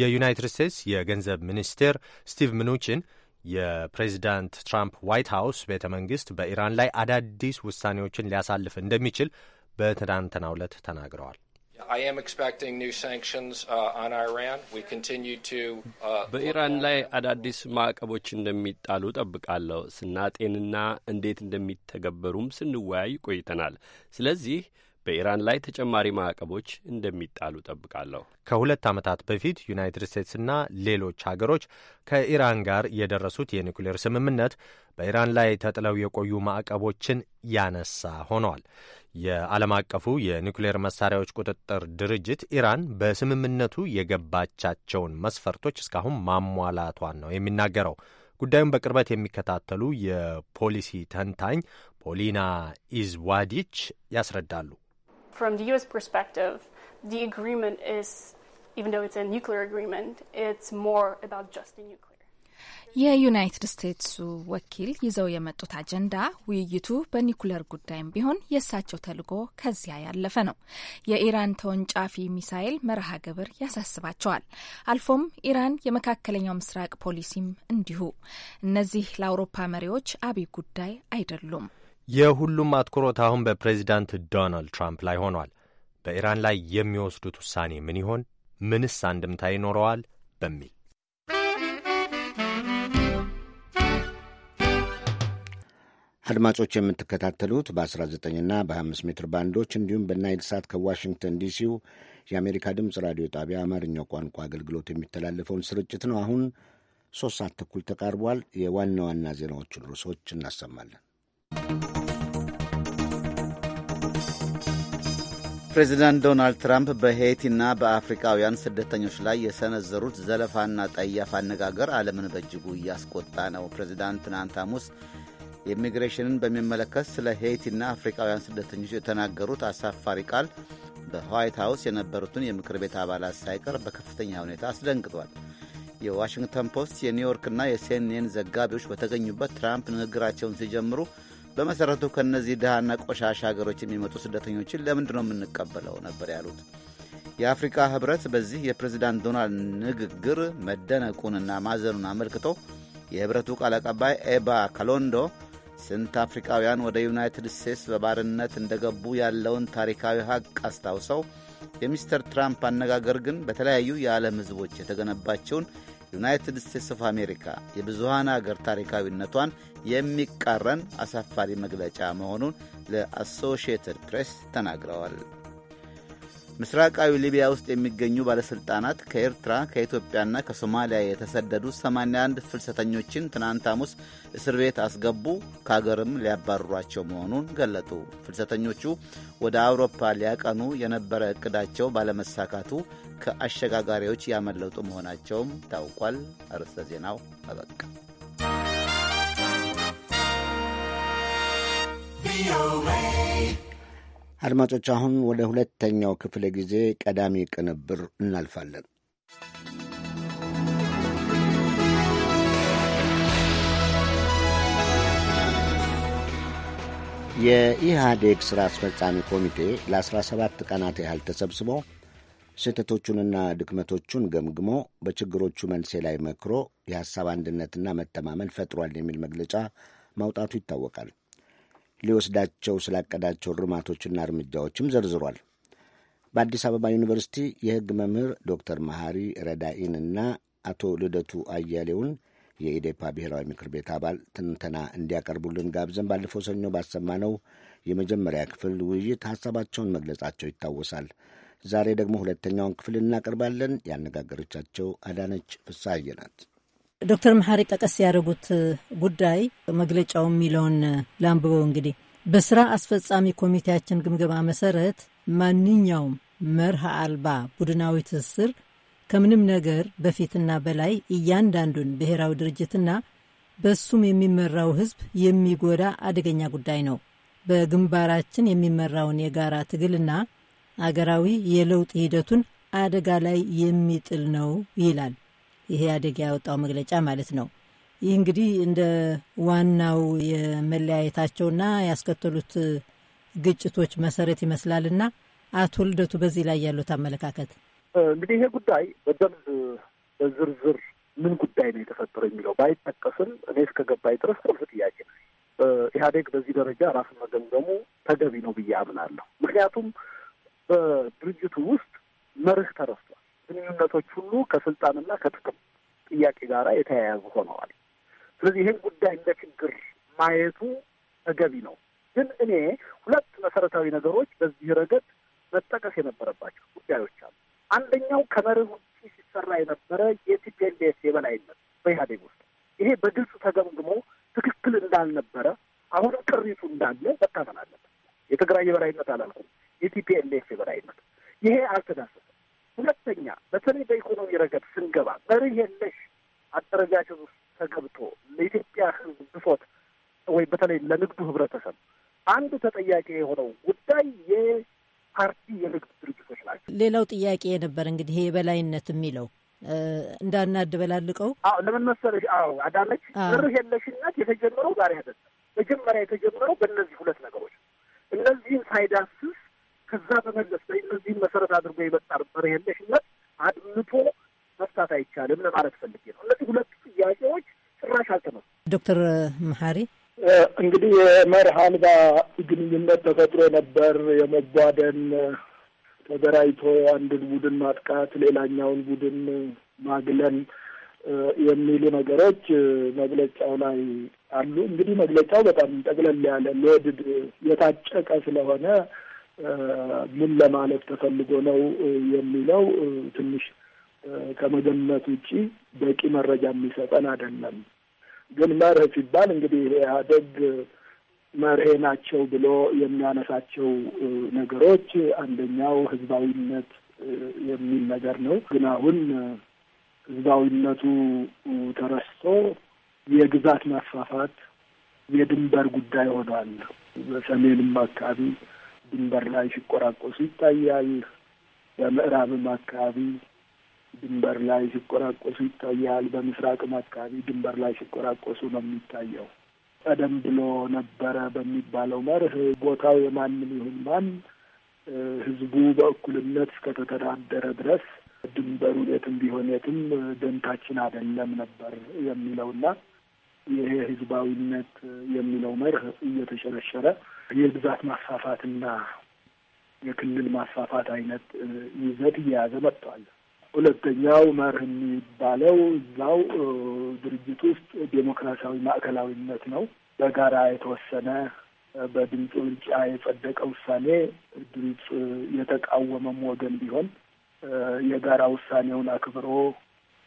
የዩናይትድ ስቴትስ የገንዘብ ሚኒስቴር ስቲቭ ምኑቺን የፕሬዚዳንት ትራምፕ ዋይት ሀውስ ቤተ መንግስት በኢራን ላይ አዳዲስ ውሳኔዎችን ሊያሳልፍ እንደሚችል በትናንትናው ዕለት ተናግረዋል። uh, uh, በኢራን ላይ አዳዲስ ማዕቀቦች እንደሚጣሉ ጠብቃለሁ። ስናጤንና እንዴት እንደሚተገበሩም ስንወያይ ቆይተናል። ስለዚህ በኢራን ላይ ተጨማሪ ማዕቀቦች እንደሚጣሉ ጠብቃለሁ። ከሁለት ዓመታት በፊት ዩናይትድ ስቴትስና ሌሎች ሀገሮች ከኢራን ጋር የደረሱት የኒውክሌር ስምምነት በኢራን ላይ ተጥለው የቆዩ ማዕቀቦችን ያነሳ ሆኗል። የዓለም አቀፉ የኒውክሌር መሳሪያዎች ቁጥጥር ድርጅት ኢራን በስምምነቱ የገባቻቸውን መስፈርቶች እስካሁን ማሟላቷን ነው የሚናገረው። ጉዳዩን በቅርበት የሚከታተሉ የፖሊሲ ተንታኝ ፖሊና ኢዝዋዲች ያስረዳሉ። from the U.S. perspective, the agreement is, even though it's a nuclear agreement, it's more about just the nuclear. የዩናይትድ ስቴትሱ ወኪል ይዘው የመጡት አጀንዳ ውይይቱ በኒኩለር ጉዳይም ቢሆን የእሳቸው ተልዕኮ ከዚያ ያለፈ ነው። የኢራን ተወንጫፊ ሚሳይል መርሃ ግብር ያሳስባቸዋል፣ አልፎም ኢራን የመካከለኛው ምስራቅ ፖሊሲም እንዲሁ። እነዚህ ለአውሮፓ መሪዎች አብይ ጉዳይ አይደሉም። የሁሉም አትኩሮት አሁን በፕሬዚዳንት ዶናልድ ትራምፕ ላይ ሆኗል። በኢራን ላይ የሚወስዱት ውሳኔ ምን ይሆን? ምንስ አንድምታ ይኖረዋል? በሚል አድማጮች የምትከታተሉት በ19ና በ5 ሜትር ባንዶች እንዲሁም በናይል ሳት ከዋሽንግተን ዲሲው የአሜሪካ ድምፅ ራዲዮ ጣቢያ አማርኛው ቋንቋ አገልግሎት የሚተላለፈውን ስርጭት ነው። አሁን ሶስት ሰዓት ተኩል ተቃርቧል። የዋና ዋና ዜናዎችን ርዕሶች እናሰማለን። ፕሬዚዳንት ዶናልድ ትራምፕ በሄይቲና በአፍሪካውያን ስደተኞች ላይ የሰነዘሩት ዘለፋና ጠያፍ አነጋገር ዓለምን በእጅጉ እያስቆጣ ነው። ፕሬዚዳንት ትናንት ሐሙስ ኢሚግሬሽንን በሚመለከት ስለ ሄይቲና አፍሪካውያን ስደተኞች የተናገሩት አሳፋሪ ቃል በዋይት ሀውስ የነበሩትን የምክር ቤት አባላት ሳይቀር በከፍተኛ ሁኔታ አስደንግጧል። የዋሽንግተን ፖስት፣ የኒውዮርክና የሴኔን ዘጋቢዎች በተገኙበት ትራምፕ ንግግራቸውን ሲጀምሩ በመሰረቱ ከእነዚህ ድሃና ቆሻሻ ሀገሮች የሚመጡ ስደተኞችን ለምንድ ነው የምንቀበለው ነበር ያሉት። የአፍሪካ ህብረት በዚህ የፕሬዚዳንት ዶናልድ ንግግር መደነቁንና ማዘኑን አመልክቶ የህብረቱ ቃል አቀባይ ኤባ ካሎንዶ ስንት አፍሪካውያን ወደ ዩናይትድ ስቴትስ በባርነት እንደገቡ ያለውን ታሪካዊ ሀቅ አስታውሰው የሚስተር ትራምፕ አነጋገር ግን በተለያዩ የዓለም ህዝቦች የተገነባቸውን ዩናይትድ ስቴትስ ኦፍ አሜሪካ የብዙሃን አገር ታሪካዊነቷን የሚቃረን አሳፋሪ መግለጫ መሆኑን ለአሶሺየትድ ፕሬስ ተናግረዋል። ምስራቃዊ ሊቢያ ውስጥ የሚገኙ ባለሥልጣናት ከኤርትራ ከኢትዮጵያና ከሶማሊያ የተሰደዱ 81 ፍልሰተኞችን ትናንት ሐሙስ እስር ቤት አስገቡ፣ ከአገርም ሊያባርሯቸው መሆኑን ገለጡ። ፍልሰተኞቹ ወደ አውሮፓ ሊያቀኑ የነበረ ዕቅዳቸው ባለመሳካቱ ከአሸጋጋሪዎች ያመለጡ መሆናቸውም ታውቋል። አርዕስተ ዜናው አበቃ። አድማጮች፣ አሁን ወደ ሁለተኛው ክፍለ ጊዜ ቀዳሚ ቅንብር እናልፋለን። የኢህአዴግ ሥራ አስፈጻሚ ኮሚቴ ለ17 ቀናት ያህል ተሰብስቦ ስህተቶቹንና ድክመቶቹን ገምግሞ በችግሮቹ መንሴ ላይ መክሮ የሐሳብ አንድነትና መተማመን ፈጥሯል የሚል መግለጫ ማውጣቱ ይታወቃል። ሊወስዳቸው ስላቀዳቸው እርማቶችና እርምጃዎችም ዘርዝሯል። በአዲስ አበባ ዩኒቨርሲቲ የሕግ መምህር ዶክተር መሐሪ ረዳኢን እና አቶ ልደቱ አያሌውን የኢዴፓ ብሔራዊ ምክር ቤት አባል ትንተና እንዲያቀርቡልን ጋብዘን ባለፈው ሰኞ ባሰማነው የመጀመሪያ ክፍል ውይይት ሀሳባቸውን መግለጻቸው ይታወሳል። ዛሬ ደግሞ ሁለተኛውን ክፍል እናቀርባለን። ያነጋገረቻቸው አዳነች ፍሳሐዬ ናት። ዶክተር መሐሪ ጠቀስ ያደረጉት ጉዳይ መግለጫው የሚለውን ላንብበው። እንግዲህ በስራ አስፈጻሚ ኮሚቴያችን ግምገማ መሰረት ማንኛውም መርህ አልባ ቡድናዊ ትስስር ከምንም ነገር በፊትና በላይ እያንዳንዱን ብሔራዊ ድርጅትና በሱም የሚመራው ህዝብ የሚጎዳ አደገኛ ጉዳይ ነው። በግንባራችን የሚመራውን የጋራ ትግልና አገራዊ የለውጥ ሂደቱን አደጋ ላይ የሚጥል ነው ይላል ይሄ ኢህአዴግ ያወጣው መግለጫ ማለት ነው። ይህ እንግዲህ እንደ ዋናው የመለያየታቸውና ያስከተሉት ግጭቶች መሰረት ይመስላልና አቶ ልደቱ በዚህ ላይ ያሉት አመለካከት እንግዲህ ይሄ ጉዳይ በደንብ በዝርዝር ምን ጉዳይ ነው የተፈጠረ የሚለው ባይጠቀስም እኔ እስከ ድረስ ቁልፍ ጥያቄ ነው። ኢህአዴግ በዚህ ደረጃ ራስን መገምገሙ ተገቢ ነው ብዬ አምናለሁ። ምክንያቱም በድርጅቱ ውስጥ መርህ ተረስቶ ግንኙነቶች ሁሉ ከስልጣንና ከጥቅም ጥያቄ ጋር የተያያዙ ሆነዋል። ስለዚህ ይህን ጉዳይ እንደ ችግር ማየቱ ተገቢ ነው። ግን እኔ ሁለት መሰረታዊ ነገሮች በዚህ ረገድ መጠቀስ የነበረባቸው ጉዳዮች አሉ። አንደኛው ከመርህ ውጭ ሲሰራ የነበረ የቲፒኤልኤፍ የበላይነት በኢህአዴግ ውስጥ ይሄ በግልጽ ተገምግሞ ትክክል እንዳልነበረ አሁንም ቅሪቱ እንዳለ መታመን አለበት። የትግራይ የበላይነት አላልኩም፣ የቲፒኤልኤፍ የበላይነት ይሄ አልተዳሰሰ ሁለተኛ በተለይ በኢኮኖሚ ረገድ ስንገባ መርህ የለሽ አደረጃጀት ውስጥ ተገብቶ ለኢትዮጵያ ሕዝብ ብሶት ወይ በተለይ ለንግዱ ህብረተሰብ አንዱ ተጠያቂ የሆነው ጉዳይ የፓርቲ የንግድ ድርጅቶች ናቸው። ሌላው ጥያቄ የነበር እንግዲህ ይሄ የበላይነት የሚለው እንዳናደበላልቀው አዎ፣ ለምን መሰለሽ? አዎ አዳመች መርህ የለሽነት የተጀመረው ዛሬ አይደለም። መጀመሪያ የተጀመረው በእነዚህ ሁለት ነገሮች እነዚህን ሳይዳስስ ከዛ በመለስ ላይ እነዚህም መሰረት አድርጎ የመጣ ነበር የለሽነት አድምቶ መፍታት አይቻልም ለማለት ፈልጌ ነው። እነዚህ ሁለቱ ጥያቄዎች ጭራሽ አልተመሩ። ዶክተር መሀሪ እንግዲህ የመርህ አልባ ግንኙነት ተፈጥሮ ነበር። የመጓደን ተደራጅቶ አንድን ቡድን ማጥቃት፣ ሌላኛውን ቡድን ማግለን የሚሉ ነገሮች መግለጫው ላይ አሉ። እንግዲህ መግለጫው በጣም ጠቅለል ያለ ሎድድ የታጨቀ ስለሆነ ምን ለማለት ተፈልጎ ነው የሚለው ትንሽ ከመገመት ውጪ በቂ መረጃ የሚሰጠን አይደለም። ግን መርህ ሲባል እንግዲህ ኢህአደግ መርሄ ናቸው ብሎ የሚያነሳቸው ነገሮች አንደኛው ህዝባዊነት የሚል ነገር ነው። ግን አሁን ህዝባዊነቱ ተረስቶ የግዛት መስፋፋት የድንበር ጉዳይ ሆኗል። በሰሜንም አካባቢ ድንበር ላይ ሲቆራቆሱ ይታያል። በምዕራብም አካባቢ ድንበር ላይ ሲቆራቆሱ ይታያል። በምስራቅም አካባቢ ድንበር ላይ ሲቆራቆሱ ነው የሚታየው። ቀደም ብሎ ነበረ በሚባለው መርህ ቦታው የማንም ይሁን ማን ህዝቡ በእኩልነት እስከተተዳደረ ድረስ ድንበሩ የትም ቢሆን የትም ደንታችን አይደለም ነበር የሚለውና ይሄ ህዝባዊነት የሚለው መርህ እየተሸረሸረ የግዛት ማስፋፋትና የክልል ማስፋፋት አይነት ይዘት እየያዘ መጥቷል። ሁለተኛው መርህ የሚባለው እዛው ድርጅት ውስጥ ዴሞክራሲያዊ ማዕከላዊነት ነው። በጋራ የተወሰነ በድምፅ ብልጫ የጸደቀ ውሳኔ ድምፅ የተቃወመም ወገን ቢሆን የጋራ ውሳኔውን አክብሮ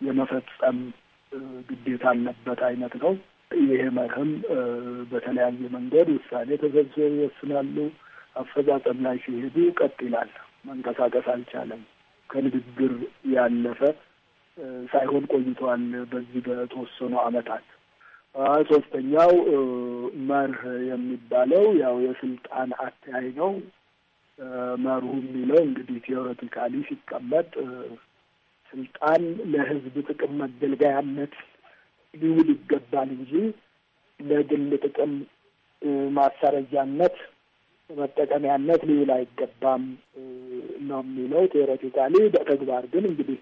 የመፈጸም ግዴታ አለበት አይነት ነው። ይህ መርህም በተለያየ መንገድ ውሳኔ ተሰብስበው ይወስናሉ። አፈጻጸም ላይ ሲሄዱ ቀጥ ይላል። መንቀሳቀስ አልቻለም። ከንግግር ያለፈ ሳይሆን ቆይተዋል። በዚህ በተወሰኑ አመታት ሶስተኛው መርህ የሚባለው ያው የስልጣን አተያይ ነው። መርሁ የሚለው እንግዲህ ቴዎሬቲካሊ ሲቀመጥ ስልጣን ለህዝብ ጥቅም መገልገያነት ሊውል ይገባል እንጂ ለግል ጥቅም ማሰረጃነት መጠቀሚያነት ሊውል አይገባም ነው የሚለው ቴዎሬቲካሊ። በተግባር ግን እንግዲህ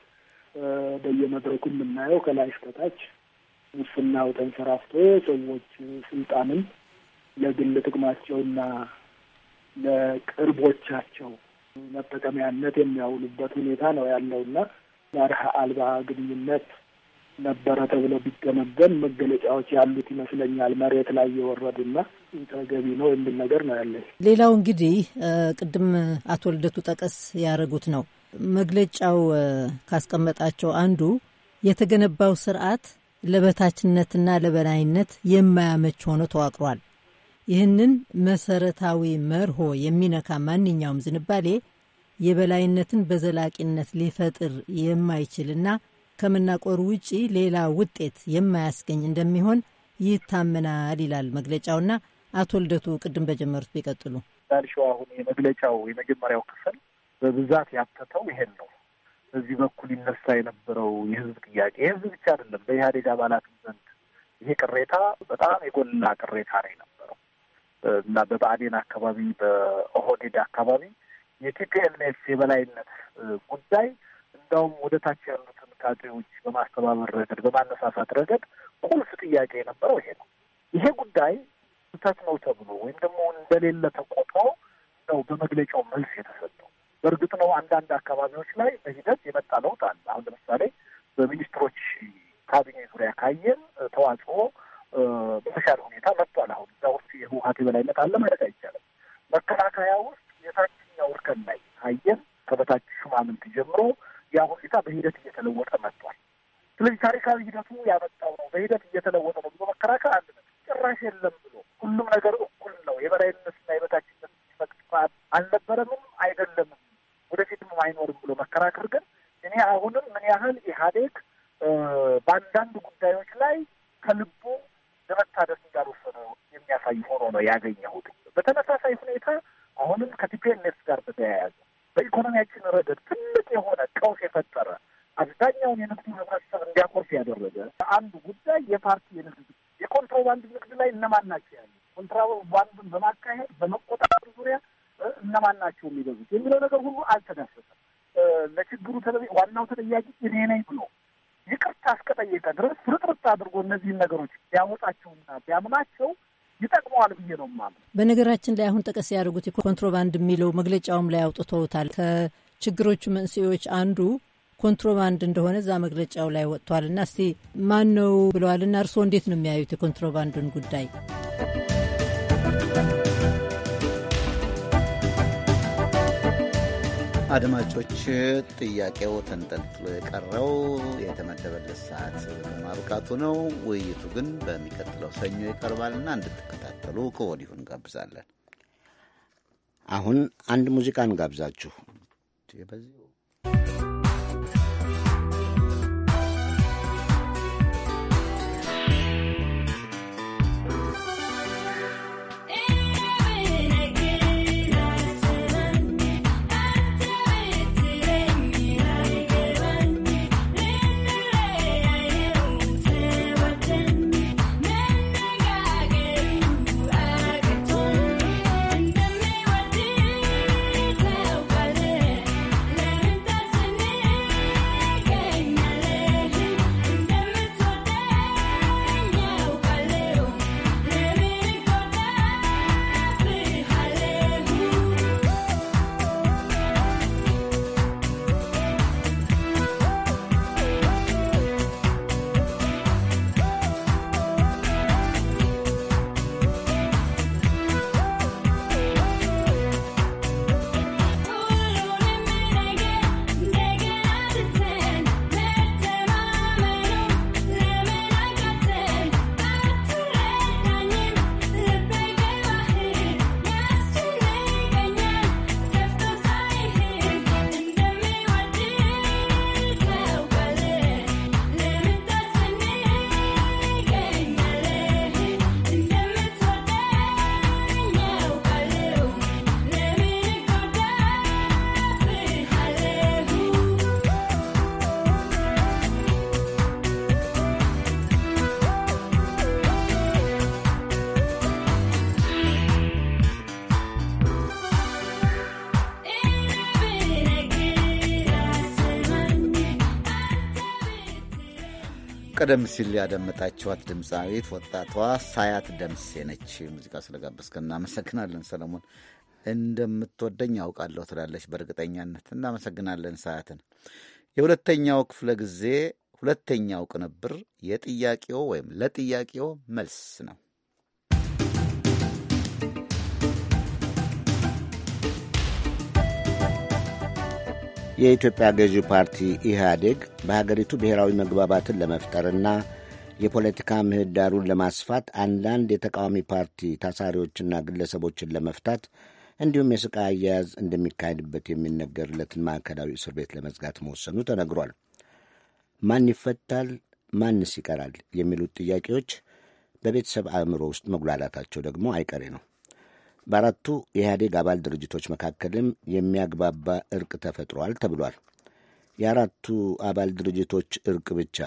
በየመድረኩ የምናየው ከላይ እስከታች ሙስናው ተንሰራፍቶ ሰዎች ስልጣንን ለግል ጥቅማቸውና ለቅርቦቻቸው መጠቀሚያነት የሚያውሉበት ሁኔታ ነው ያለውና መርህ አልባ ግንኙነት ነበረ ተብሎ ቢገመገም መገለጫዎች ያሉት ይመስለኛል። መሬት ላይ የወረዱና ተገቢ ነው የሚል ነገር ነው ያለኝ። ሌላው እንግዲህ ቅድም አቶ ልደቱ ጠቀስ ያደረጉት ነው መግለጫው ካስቀመጣቸው አንዱ የተገነባው ስርዓት ለበታችነትና ለበላይነት የማያመች ሆኖ ተዋቅሯል። ይህንን መሰረታዊ መርሆ የሚነካ ማንኛውም ዝንባሌ የበላይነትን በዘላቂነት ሊፈጥር የማይችልና ከመናቆር ውጪ ሌላ ውጤት የማያስገኝ እንደሚሆን ይታመናል ይላል መግለጫውና አቶ ልደቱ ቅድም በጀመሩት ቢቀጥሉ እንዳልሽው አሁን የመግለጫው የመጀመሪያው ክፍል በብዛት ያተተው ይሄን ነው። በዚህ በኩል ይነሳ የነበረው የህዝብ ጥያቄ የህዝብ ብቻ አይደለም፣ በኢህአዴግ አባላትም ዘንድ ይሄ ቅሬታ በጣም የጎላ ቅሬታ ነው የነበረው እና በብአዴን አካባቢ በኦህዴድ አካባቢ የቲፒኤልኤፍ የበላይነት ጉዳይ እንዳውም ወደ ታች ያሉት እንቅስቃሴዎች በማስተባበር ረገድ፣ በማነሳሳት ረገድ ቁልፍ ጥያቄ የነበረው ይሄ ነው። ይሄ ጉዳይ ስህተት ነው ተብሎ ወይም ደግሞ እንደሌለ ተቆጥሮ ነው በመግለጫው መልስ የተሰጠው። በእርግጥ ነው አንዳንድ አካባቢዎች ላይ በሂደት የመጣ ለውጥ አለ። አሁን ለምሳሌ በሚኒስትሮች ካቢኔ ዙሪያ ካየን ተዋጽኦ በተሻለ ሁኔታ መጥቷል። አሁን እዛ ውስጥ የህወሀት የበላይነት አለ ማለት አይቻልም። መከላከያ ውስጥ የታችኛው እርከን ላይ ካየን ከበታች ሹማምንት ጀምሮ ያ ሁኔታ በሂደት እየተለወጠ መጥቷል። ስለዚህ ታሪካዊ ሂደቱ ያመጣው ነው። በሂደት እየተለወጠ ነው ብሎ መከራከር አንድ ነገር ጭራሽ የለም ብሎ ሁሉም ነገር እኩል ነው የበላይነትና የበታችነት የሚፈቅድ አልነበረምም፣ አይደለምም፣ ወደፊትም አይኖርም ብሎ መከራከር ግን እኔ አሁንም ምን ያህል ኢህአዴግ በአንዳንድ ጉዳዮች ላይ ከልቡ ለመታደስ እንዳልወሰነ የሚያሳይ ሆኖ ነው ያገኘሁት። እነዚህን ነገሮች ቢያወጣቸውና ቢያምናቸው ይጠቅመዋል ብዬ ነው ማለት። በነገራችን ላይ አሁን ጠቀስ ያደርጉት ኮንትሮባንድ የሚለው መግለጫውም ላይ አውጥተውታል። ከችግሮቹ መንስኤዎች አንዱ ኮንትሮባንድ እንደሆነ እዛ መግለጫው ላይ ወጥቷል። እና እስቲ ማን ነው ብለዋል። እና እርስዎ እንዴት ነው የሚያዩት የኮንትሮባንዱን ጉዳይ? አድማጮች ጥያቄው ተንጠልጥሎ የቀረው የተመደበለት ሰዓት በማብቃቱ ነው። ውይይቱ ግን በሚቀጥለው ሰኞ ይቀርባልና እንድትከታተሉ ከወዲሁ እንጋብዛለን። አሁን አንድ ሙዚቃ እንጋብዛችሁ። ቀደም ሲል ያደመጣችኋት ድምፃዊት ወጣቷ ሳያት ደምሴ ነች። ሙዚቃ ስለጋበዝከ እናመሰግናለን ሰለሞን። እንደምትወደኝ አውቃለሁ ትላለች በእርግጠኛነት። እናመሰግናለን ሳያትን። የሁለተኛው ክፍለ ጊዜ ሁለተኛው ቅንብር የጥያቄው ወይም ለጥያቄው መልስ ነው። የኢትዮጵያ ገዢው ፓርቲ ኢህአዴግ በሀገሪቱ ብሔራዊ መግባባትን ለመፍጠርና የፖለቲካ ምህዳሩን ለማስፋት አንዳንድ የተቃዋሚ ፓርቲ ታሳሪዎችና ግለሰቦችን ለመፍታት እንዲሁም የስቃይ አያያዝ እንደሚካሄድበት የሚነገርለትን ማዕከላዊ እስር ቤት ለመዝጋት መወሰኑ ተነግሯል። ማን ይፈታል? ማንስ ይቀራል? የሚሉት ጥያቄዎች በቤተሰብ አእምሮ ውስጥ መጉላላታቸው ደግሞ አይቀሬ ነው። በአራቱ የኢህአዴግ አባል ድርጅቶች መካከልም የሚያግባባ እርቅ ተፈጥሯል ተብሏል። የአራቱ አባል ድርጅቶች እርቅ ብቻ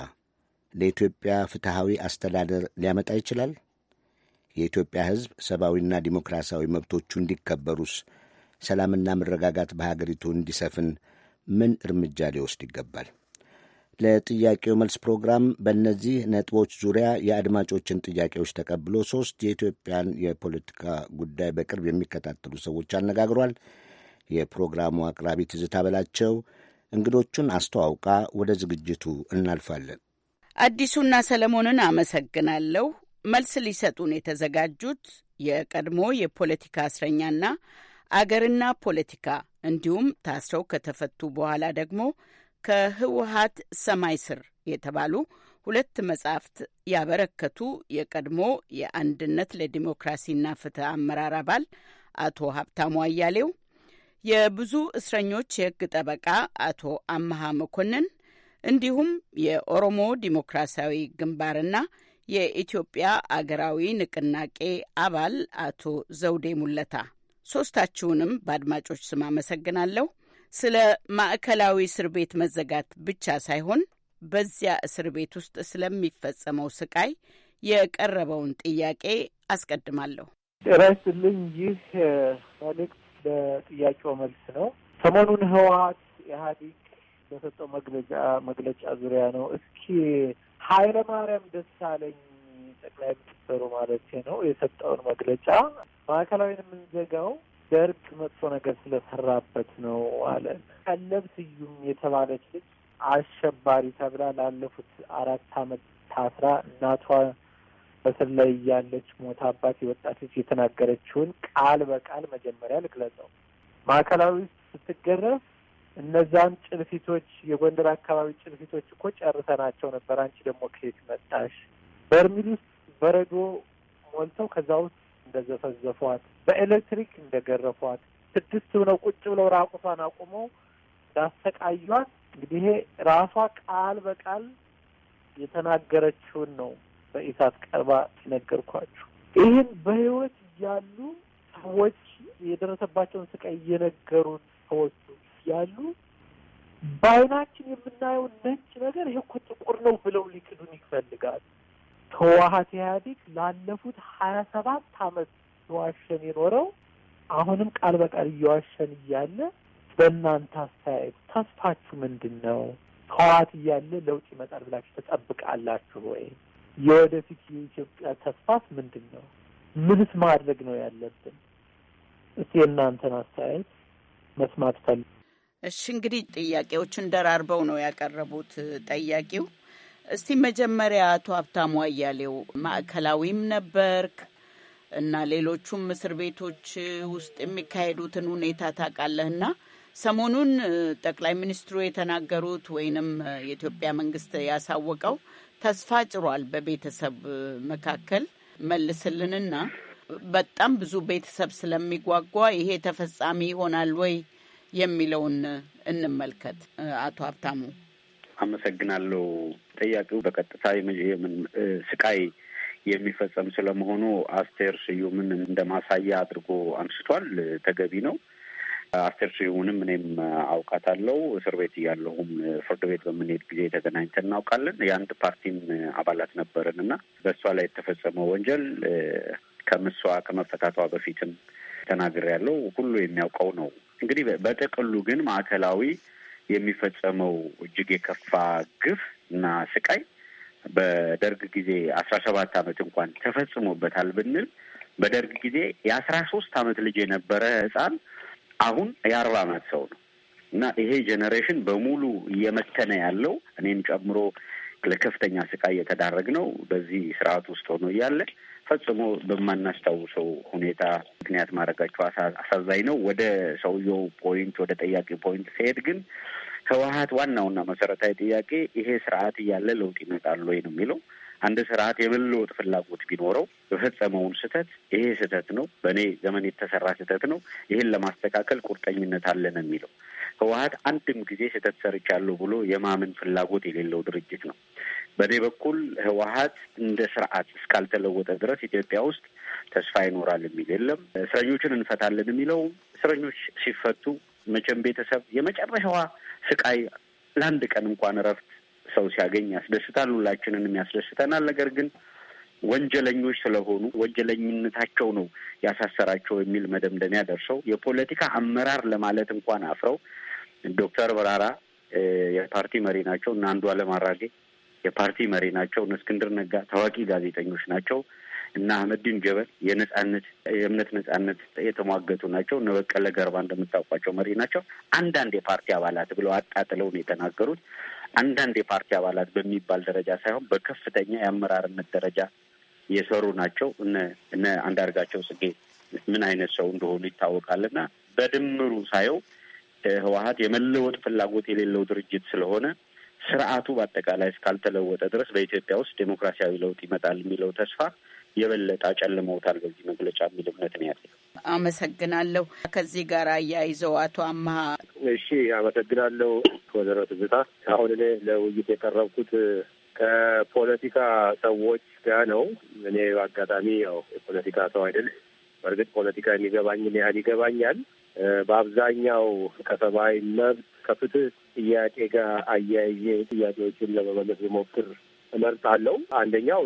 ለኢትዮጵያ ፍትሐዊ አስተዳደር ሊያመጣ ይችላል? የኢትዮጵያ ሕዝብ ሰብአዊና ዲሞክራሲያዊ መብቶቹ እንዲከበሩስ፣ ሰላምና መረጋጋት በሀገሪቱ እንዲሰፍን ምን እርምጃ ሊወስድ ይገባል? ለጥያቄው መልስ ፕሮግራም በእነዚህ ነጥቦች ዙሪያ የአድማጮችን ጥያቄዎች ተቀብሎ ሶስት የኢትዮጵያን የፖለቲካ ጉዳይ በቅርብ የሚከታተሉ ሰዎች አነጋግሯል። የፕሮግራሙ አቅራቢ ትዝታ በላቸው እንግዶቹን አስተዋውቃ ወደ ዝግጅቱ እናልፋለን። አዲሱና ሰለሞንን አመሰግናለሁ። መልስ ሊሰጡን የተዘጋጁት የቀድሞ የፖለቲካ እስረኛና አገርና ፖለቲካ እንዲሁም ታስረው ከተፈቱ በኋላ ደግሞ ከህወሀት ሰማይ ስር የተባሉ ሁለት መጻሕፍት ያበረከቱ የቀድሞ የአንድነት ለዲሞክራሲና ፍትህ አመራር አባል አቶ ሀብታሙ አያሌው፣ የብዙ እስረኞች የህግ ጠበቃ አቶ አመሃ መኮንን እንዲሁም የኦሮሞ ዲሞክራሲያዊ ግንባርና የኢትዮጵያ አገራዊ ንቅናቄ አባል አቶ ዘውዴ ሙለታ ሶስታችሁንም በአድማጮች ስም አመሰግናለሁ። ስለ ማዕከላዊ እስር ቤት መዘጋት ብቻ ሳይሆን በዚያ እስር ቤት ውስጥ ስለሚፈጸመው ስቃይ የቀረበውን ጥያቄ አስቀድማለሁ። ራይስልኝ ይህ መልእክት በጥያቄው መልስ ነው። ሰሞኑን ህወሀት ኢህአዲግ በሰጠው መግለጫ መግለጫ ዙሪያ ነው። እስኪ ኃይለ ማርያም ደሳለኝ ጠቅላይ ሚኒስትሩ ማለት ነው የሰጠውን መግለጫ ማዕከላዊን የምንዘጋው ደርግ መጥፎ ነገር ስለሰራበት ነው አለ። ቀለብ ስዩም የተባለች ልጅ አሸባሪ ተብላ ላለፉት አራት አመት ታስራ እናቷ በስር ላይ እያለች ሞታ አባት የወጣች የተናገረችውን ቃል በቃል መጀመሪያ ልግለጸው። ማዕከላዊ ስትገረፍ እነዛን ጭልፊቶች የጎንደር አካባቢ ጭልፊቶች እኮ ጨርሰናቸው ነበር፣ አንቺ ደግሞ ከየት መጣሽ? በርሚል ውስጥ በረዶ ሞልተው ከዛ ውስጥ እንደዘፈዘፏት በኤሌክትሪክ እንደገረፏት ስድስት ሆነው ቁጭ ብለው ራቁቷን አቁመው እንዳሰቃዩት እንግዲህ ይሄ ራሷ ቃል በቃል የተናገረችውን ነው በኢሳት ቀርባ ሲነገርኳችሁ ይህን በህይወት ያሉ ሰዎች የደረሰባቸውን ስቃይ እየነገሩን ሰዎች ያሉ በአይናችን የምናየው ነጭ ነገር ይሄ እኮ ጥቁር ነው ብለው ሊክዱን ይፈልጋል። ህወሓት ኢህአዴግ ላለፉት ሀያ ሰባት አመት ዋሸን የኖረው አሁንም ቃል በቃል እየዋሸን እያለ በእናንተ አስተያየት ተስፋችሁ ምንድን ነው? ህወሓት እያለ ለውጥ ይመጣል ብላችሁ ተጠብቃላችሁ ወይ? የወደፊት የኢትዮጵያ ተስፋት ምንድን ነው? ምንስ ማድረግ ነው ያለብን? እስቲ የእናንተን አስተያየት መስማት ፈል እሺ፣ እንግዲህ ጥያቄዎችን ደራርበው ነው ያቀረቡት ጠያቂው። እስቲ መጀመሪያ አቶ ሀብታሙ አያሌው ማዕከላዊም ነበርክ እና ሌሎቹም እስር ቤቶች ውስጥ የሚካሄዱትን ሁኔታ ታውቃለህና ሰሞኑን ጠቅላይ ሚኒስትሩ የተናገሩት ወይንም የኢትዮጵያ መንግስት ያሳወቀው ተስፋ ጭሯል በቤተሰብ መካከል መልስልንና በጣም ብዙ ቤተሰብ ስለሚጓጓ ይሄ ተፈጻሚ ይሆናል ወይ የሚለውን እንመልከት። አቶ ሀብታሙ አመሰግናለሁ። ጠያቂው በቀጥታ ስቃይ የሚፈጸም ስለመሆኑ አስቴር ስዩምን እንደ ማሳያ አድርጎ አንስቷል። ተገቢ ነው። አስቴር ስዩምንም እኔም አውቃታለሁ። እስር ቤት እያለሁም ፍርድ ቤት በምንሄድ ጊዜ ተገናኝተን እናውቃለን። የአንድ ፓርቲም አባላት ነበርን እና በእሷ ላይ የተፈጸመው ወንጀል ከምሷ ከመፈታቷ በፊትም ተናግር ያለው ሁሉ የሚያውቀው ነው። እንግዲህ በጥቅሉ ግን ማዕከላዊ የሚፈጸመው እጅግ የከፋ ግፍ እና ስቃይ በደርግ ጊዜ አስራ ሰባት አመት እንኳን ተፈጽሞበታል ብንል በደርግ ጊዜ የአስራ ሶስት አመት ልጅ የነበረ ህጻን አሁን የአርባ አመት ሰው ነው እና ይሄ ጄኔሬሽን በሙሉ እየመተነ ያለው እኔን ጨምሮ ለከፍተኛ ስቃይ እየተዳረግ ነው። በዚህ ስርዓት ውስጥ ሆኖ እያለ ፈጽሞ በማናስታውሰው ሁኔታ ምክንያት ማድረጋቸው አሳዛኝ ነው። ወደ ሰውየው ፖይንት፣ ወደ ጠያቂ ፖይንት ሲሄድ ግን ህወሀት ዋናውና መሰረታዊ ጥያቄ ይሄ ስርዓት እያለ ለውጥ ይመጣሉ ወይ ነው የሚለው። አንድ ስርዓት የመለወጥ ፍላጎት ቢኖረው የፈጸመውን ስህተት ይሄ ስህተት ነው፣ በእኔ ዘመን የተሰራ ስህተት ነው፣ ይህን ለማስተካከል ቁርጠኝነት አለን የሚለው ህወሀት አንድም ጊዜ ስህተት ሰርቻለሁ ብሎ የማመን ፍላጎት የሌለው ድርጅት ነው። በእኔ በኩል ህወሀት እንደ ስርዓት እስካልተለወጠ ድረስ ኢትዮጵያ ውስጥ ተስፋ ይኖራል የሚል የለም። እስረኞችን እንፈታለን የሚለው እስረኞች ሲፈቱ መቼም ቤተሰብ የመጨረሻዋ ስቃይ ለአንድ ቀን እንኳን እረፍት ሰው ሲያገኝ ያስደስታል፣ ሁላችንንም ያስደስተናል። ነገር ግን ወንጀለኞች ስለሆኑ ወንጀለኝነታቸው ነው ያሳሰራቸው የሚል መደምደሚያ ደርሰው የፖለቲካ አመራር ለማለት እንኳን አፍረው ዶክተር በራራ የፓርቲ መሪ ናቸው እና አለም አራጌ የፓርቲ መሪ ናቸው። እነ እስክንድር ነጋ ታዋቂ ጋዜጠኞች ናቸው። እና አህመዲን ጀበል የነጻነት የእምነት ነጻነት የተሟገቱ ናቸው። እነ በቀለ ገርባ እንደምታውቋቸው መሪ ናቸው። አንዳንድ የፓርቲ አባላት ብለው አጣጥለው ነው የተናገሩት። አንዳንድ የፓርቲ አባላት በሚባል ደረጃ ሳይሆን በከፍተኛ የአመራርነት ደረጃ የሰሩ ናቸው። እነ አንዳርጋቸው ጽጌ ምን አይነት ሰው እንደሆኑ ይታወቃልና በድምሩ ሳየው ህወሀት የመለወጥ ፍላጎት የሌለው ድርጅት ስለሆነ ስርዓቱ በአጠቃላይ እስካልተለወጠ ድረስ በኢትዮጵያ ውስጥ ዴሞክራሲያዊ ለውጥ ይመጣል የሚለው ተስፋ የበለጠ አጨልመውታል በዚህ መግለጫ የሚል እምነት ነው ያለው። አመሰግናለሁ። ከዚህ ጋር አያይዘው አቶ አምሃ። እሺ፣ አመሰግናለሁ ወይዘሮ ትዝታ። አሁን እኔ ለውይይት የቀረብኩት ከፖለቲካ ሰዎች ጋር ነው። እኔ አጋጣሚ ያው የፖለቲካ ሰው አይደል። በእርግጥ ፖለቲካ የሚገባኝን ያህል ይገባኛል። በአብዛኛው ከሰብአዊ መብት ከፍትህ ጥያቄ ጋር አያይዤ ጥያቄዎችን ለመመለስ ብሞክር እመርጣለሁ። አንደኛው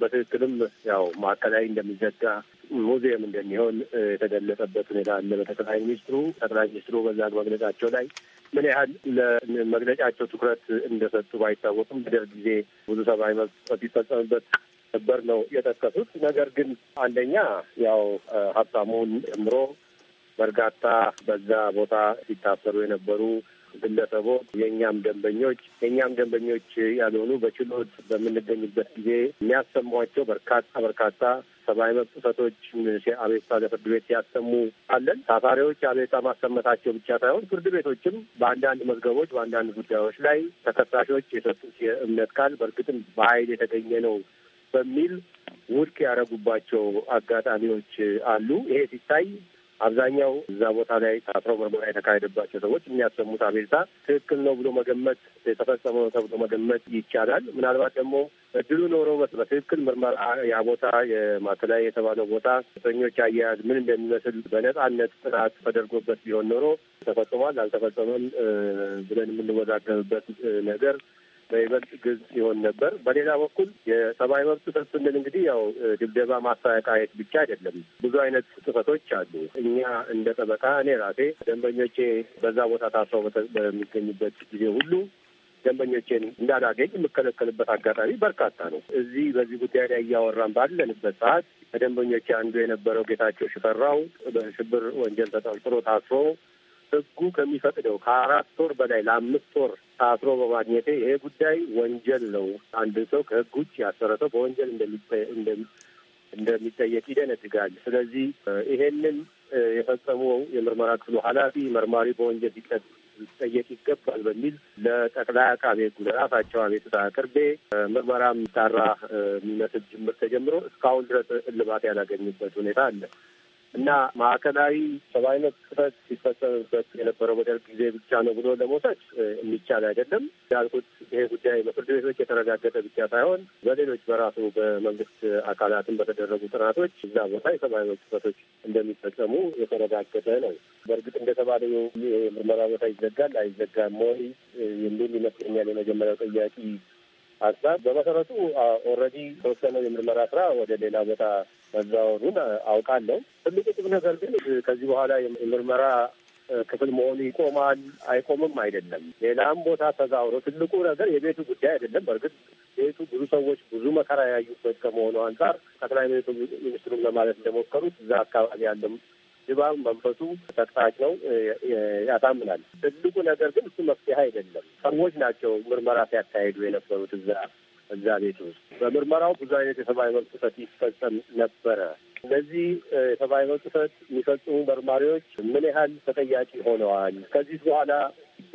በትክክልም ያው ማዕከላዊ እንደሚዘጋ ሙዚየም እንደሚሆን የተገለጸበት ሁኔታ አለ። በጠቅላይ ሚኒስትሩ ጠቅላይ ሚኒስትሩ በዛ መግለጫቸው ላይ ምን ያህል ለመግለጫቸው ትኩረት እንደሰጡ ባይታወቅም በደርግ ጊዜ ብዙ ሰብአዊ መብት ይፈጸምበት ነበር ነው የጠቀሱት። ነገር ግን አንደኛ ያው ሀብታሙን ጨምሮ በርካታ በዛ ቦታ ሲታሰሩ የነበሩ ግለሰቦች፣ የእኛም ደንበኞች የእኛም ደንበኞች ያልሆኑ በችሎት በምንገኝበት ጊዜ የሚያሰሟቸው በርካታ በርካታ ሰብአዊ መብት ጥሰቶችን አቤቱታ ለፍርድ ቤት ሲያሰሙ አለን። ታሳሪዎች አቤቱታ ማሰመታቸው ብቻ ሳይሆን ፍርድ ቤቶችም በአንዳንድ መዝገቦች፣ በአንዳንድ ጉዳዮች ላይ ተከሳሾች የሰጡት የእምነት ቃል በእርግጥም በኃይል የተገኘ ነው በሚል ውድቅ ያደረጉባቸው አጋጣሚዎች አሉ። ይሄ ሲታይ አብዛኛው እዛ ቦታ ላይ ታስረው ምርመራ የተካሄደባቸው ሰዎች የሚያሰሙት አቤልታ ትክክል ነው ብሎ መገመት የተፈጸመ ነው ተብሎ መገመት ይቻላል። ምናልባት ደግሞ እድሉ ኖሮ በትክክል ምርመራ ያ ቦታ የማተላይ የተባለው ቦታ እስረኞች አያያዝ ምን እንደሚመስል በነጻነት ጥናት ተደርጎበት ቢሆን ኖሮ ተፈጽሟል አልተፈጸመም ብለን የምንወዛገብበት ነገር በይበልጥ ግልጽ ይሆን ነበር። በሌላ በኩል የሰብአዊ መብት ጥሰት ስንል እንግዲህ ያው ድብደባ፣ ማሰቃየት ብቻ አይደለም። ብዙ አይነት ጥሰቶች አሉ። እኛ እንደ ጠበቃ እኔ ራሴ ደንበኞቼ በዛ ቦታ ታስረው በሚገኙበት ጊዜ ሁሉ ደንበኞቼን እንዳላገኝ የምከለከልበት አጋጣሚ በርካታ ነው። እዚህ በዚህ ጉዳይ ላይ እያወራን ባለንበት ሰዓት ከደንበኞቼ አንዱ የነበረው ጌታቸው ሽፈራው በሽብር ወንጀል ተጠርጥሮ ታስሮ ህጉ ከሚፈቅደው ከአራት ወር በላይ ለአምስት ወር ታስሮ በማግኘቴ ይሄ ጉዳይ ወንጀል ነው፣ አንድን ሰው ከህግ ውጭ ያሰረተው በወንጀል እንደሚጠየቅ ይደነግጋል። ስለዚህ ይሄንን የፈጸመው የምርመራ ክፍሉ ኃላፊ መርማሪ በወንጀል ሊጠየቅ ይገባል በሚል ለጠቅላይ አቃቤ ህጉ ለራሳቸው አቤቱታ አቅርቤ ምርመራ የሚጣራ የሚመስል ጅምር ተጀምሮ እስካሁን ድረስ እልባት ያላገኙበት ሁኔታ አለ። እና ማዕከላዊ ሰብአዊነት ጥሰት ሲፈጸምበት የነበረው በደርግ ጊዜ ብቻ ነው ብሎ ለመውሰድ የሚቻል አይደለም። ያልኩት ይሄ ጉዳይ በፍርድ ቤቶች የተረጋገጠ ብቻ ሳይሆን በሌሎች በራሱ በመንግስት አካላትም በተደረጉ ጥናቶች እዛ ቦታ የሰብአዊነት መብት ጥሰቶች እንደሚፈጸሙ የተረጋገጠ ነው። በእርግጥ እንደተባለ የምርመራ ቦታ ይዘጋል አይዘጋም ወይ የሚል ይመስለኛል የመጀመሪያው ጥያቄ ሀሳብ በመሰረቱ ኦልሬዲ ተወሰነ የምርመራ ስራ ወደ ሌላ ቦታ መዛወሩን አውቃለሁ። ትልቁ ጥብ ነገር ግን ከዚህ በኋላ የምርመራ ክፍል መሆኑ ይቆማል አይቆምም አይደለም፣ ሌላም ቦታ ተዛውሮ ትልቁ ነገር የቤቱ ጉዳይ አይደለም። በእርግጥ ቤቱ ብዙ ሰዎች ብዙ መከራ ያዩበት ከመሆኑ አንጻር ጠቅላይ ሚኒስትሩን ለማለት እንደሞከሩት እዛ አካባቢ ያለም ድባብ መንፈሱ ተጠቃሽ ነው ያሳምናል። ትልቁ ነገር ግን እሱ መፍትሄ አይደለም። ሰዎች ናቸው ምርመራ ሲያካሄዱ የነበሩት እዛ እዛ ቤት ውስጥ በምርመራው ብዙ አይነት የሰብአዊ መብት ጥሰት ይፈጸም ነበረ። እነዚህ የሰብአዊ መብት ጥሰት የሚፈጽሙ መርማሪዎች ምን ያህል ተጠያቂ ሆነዋል? ከዚህ በኋላ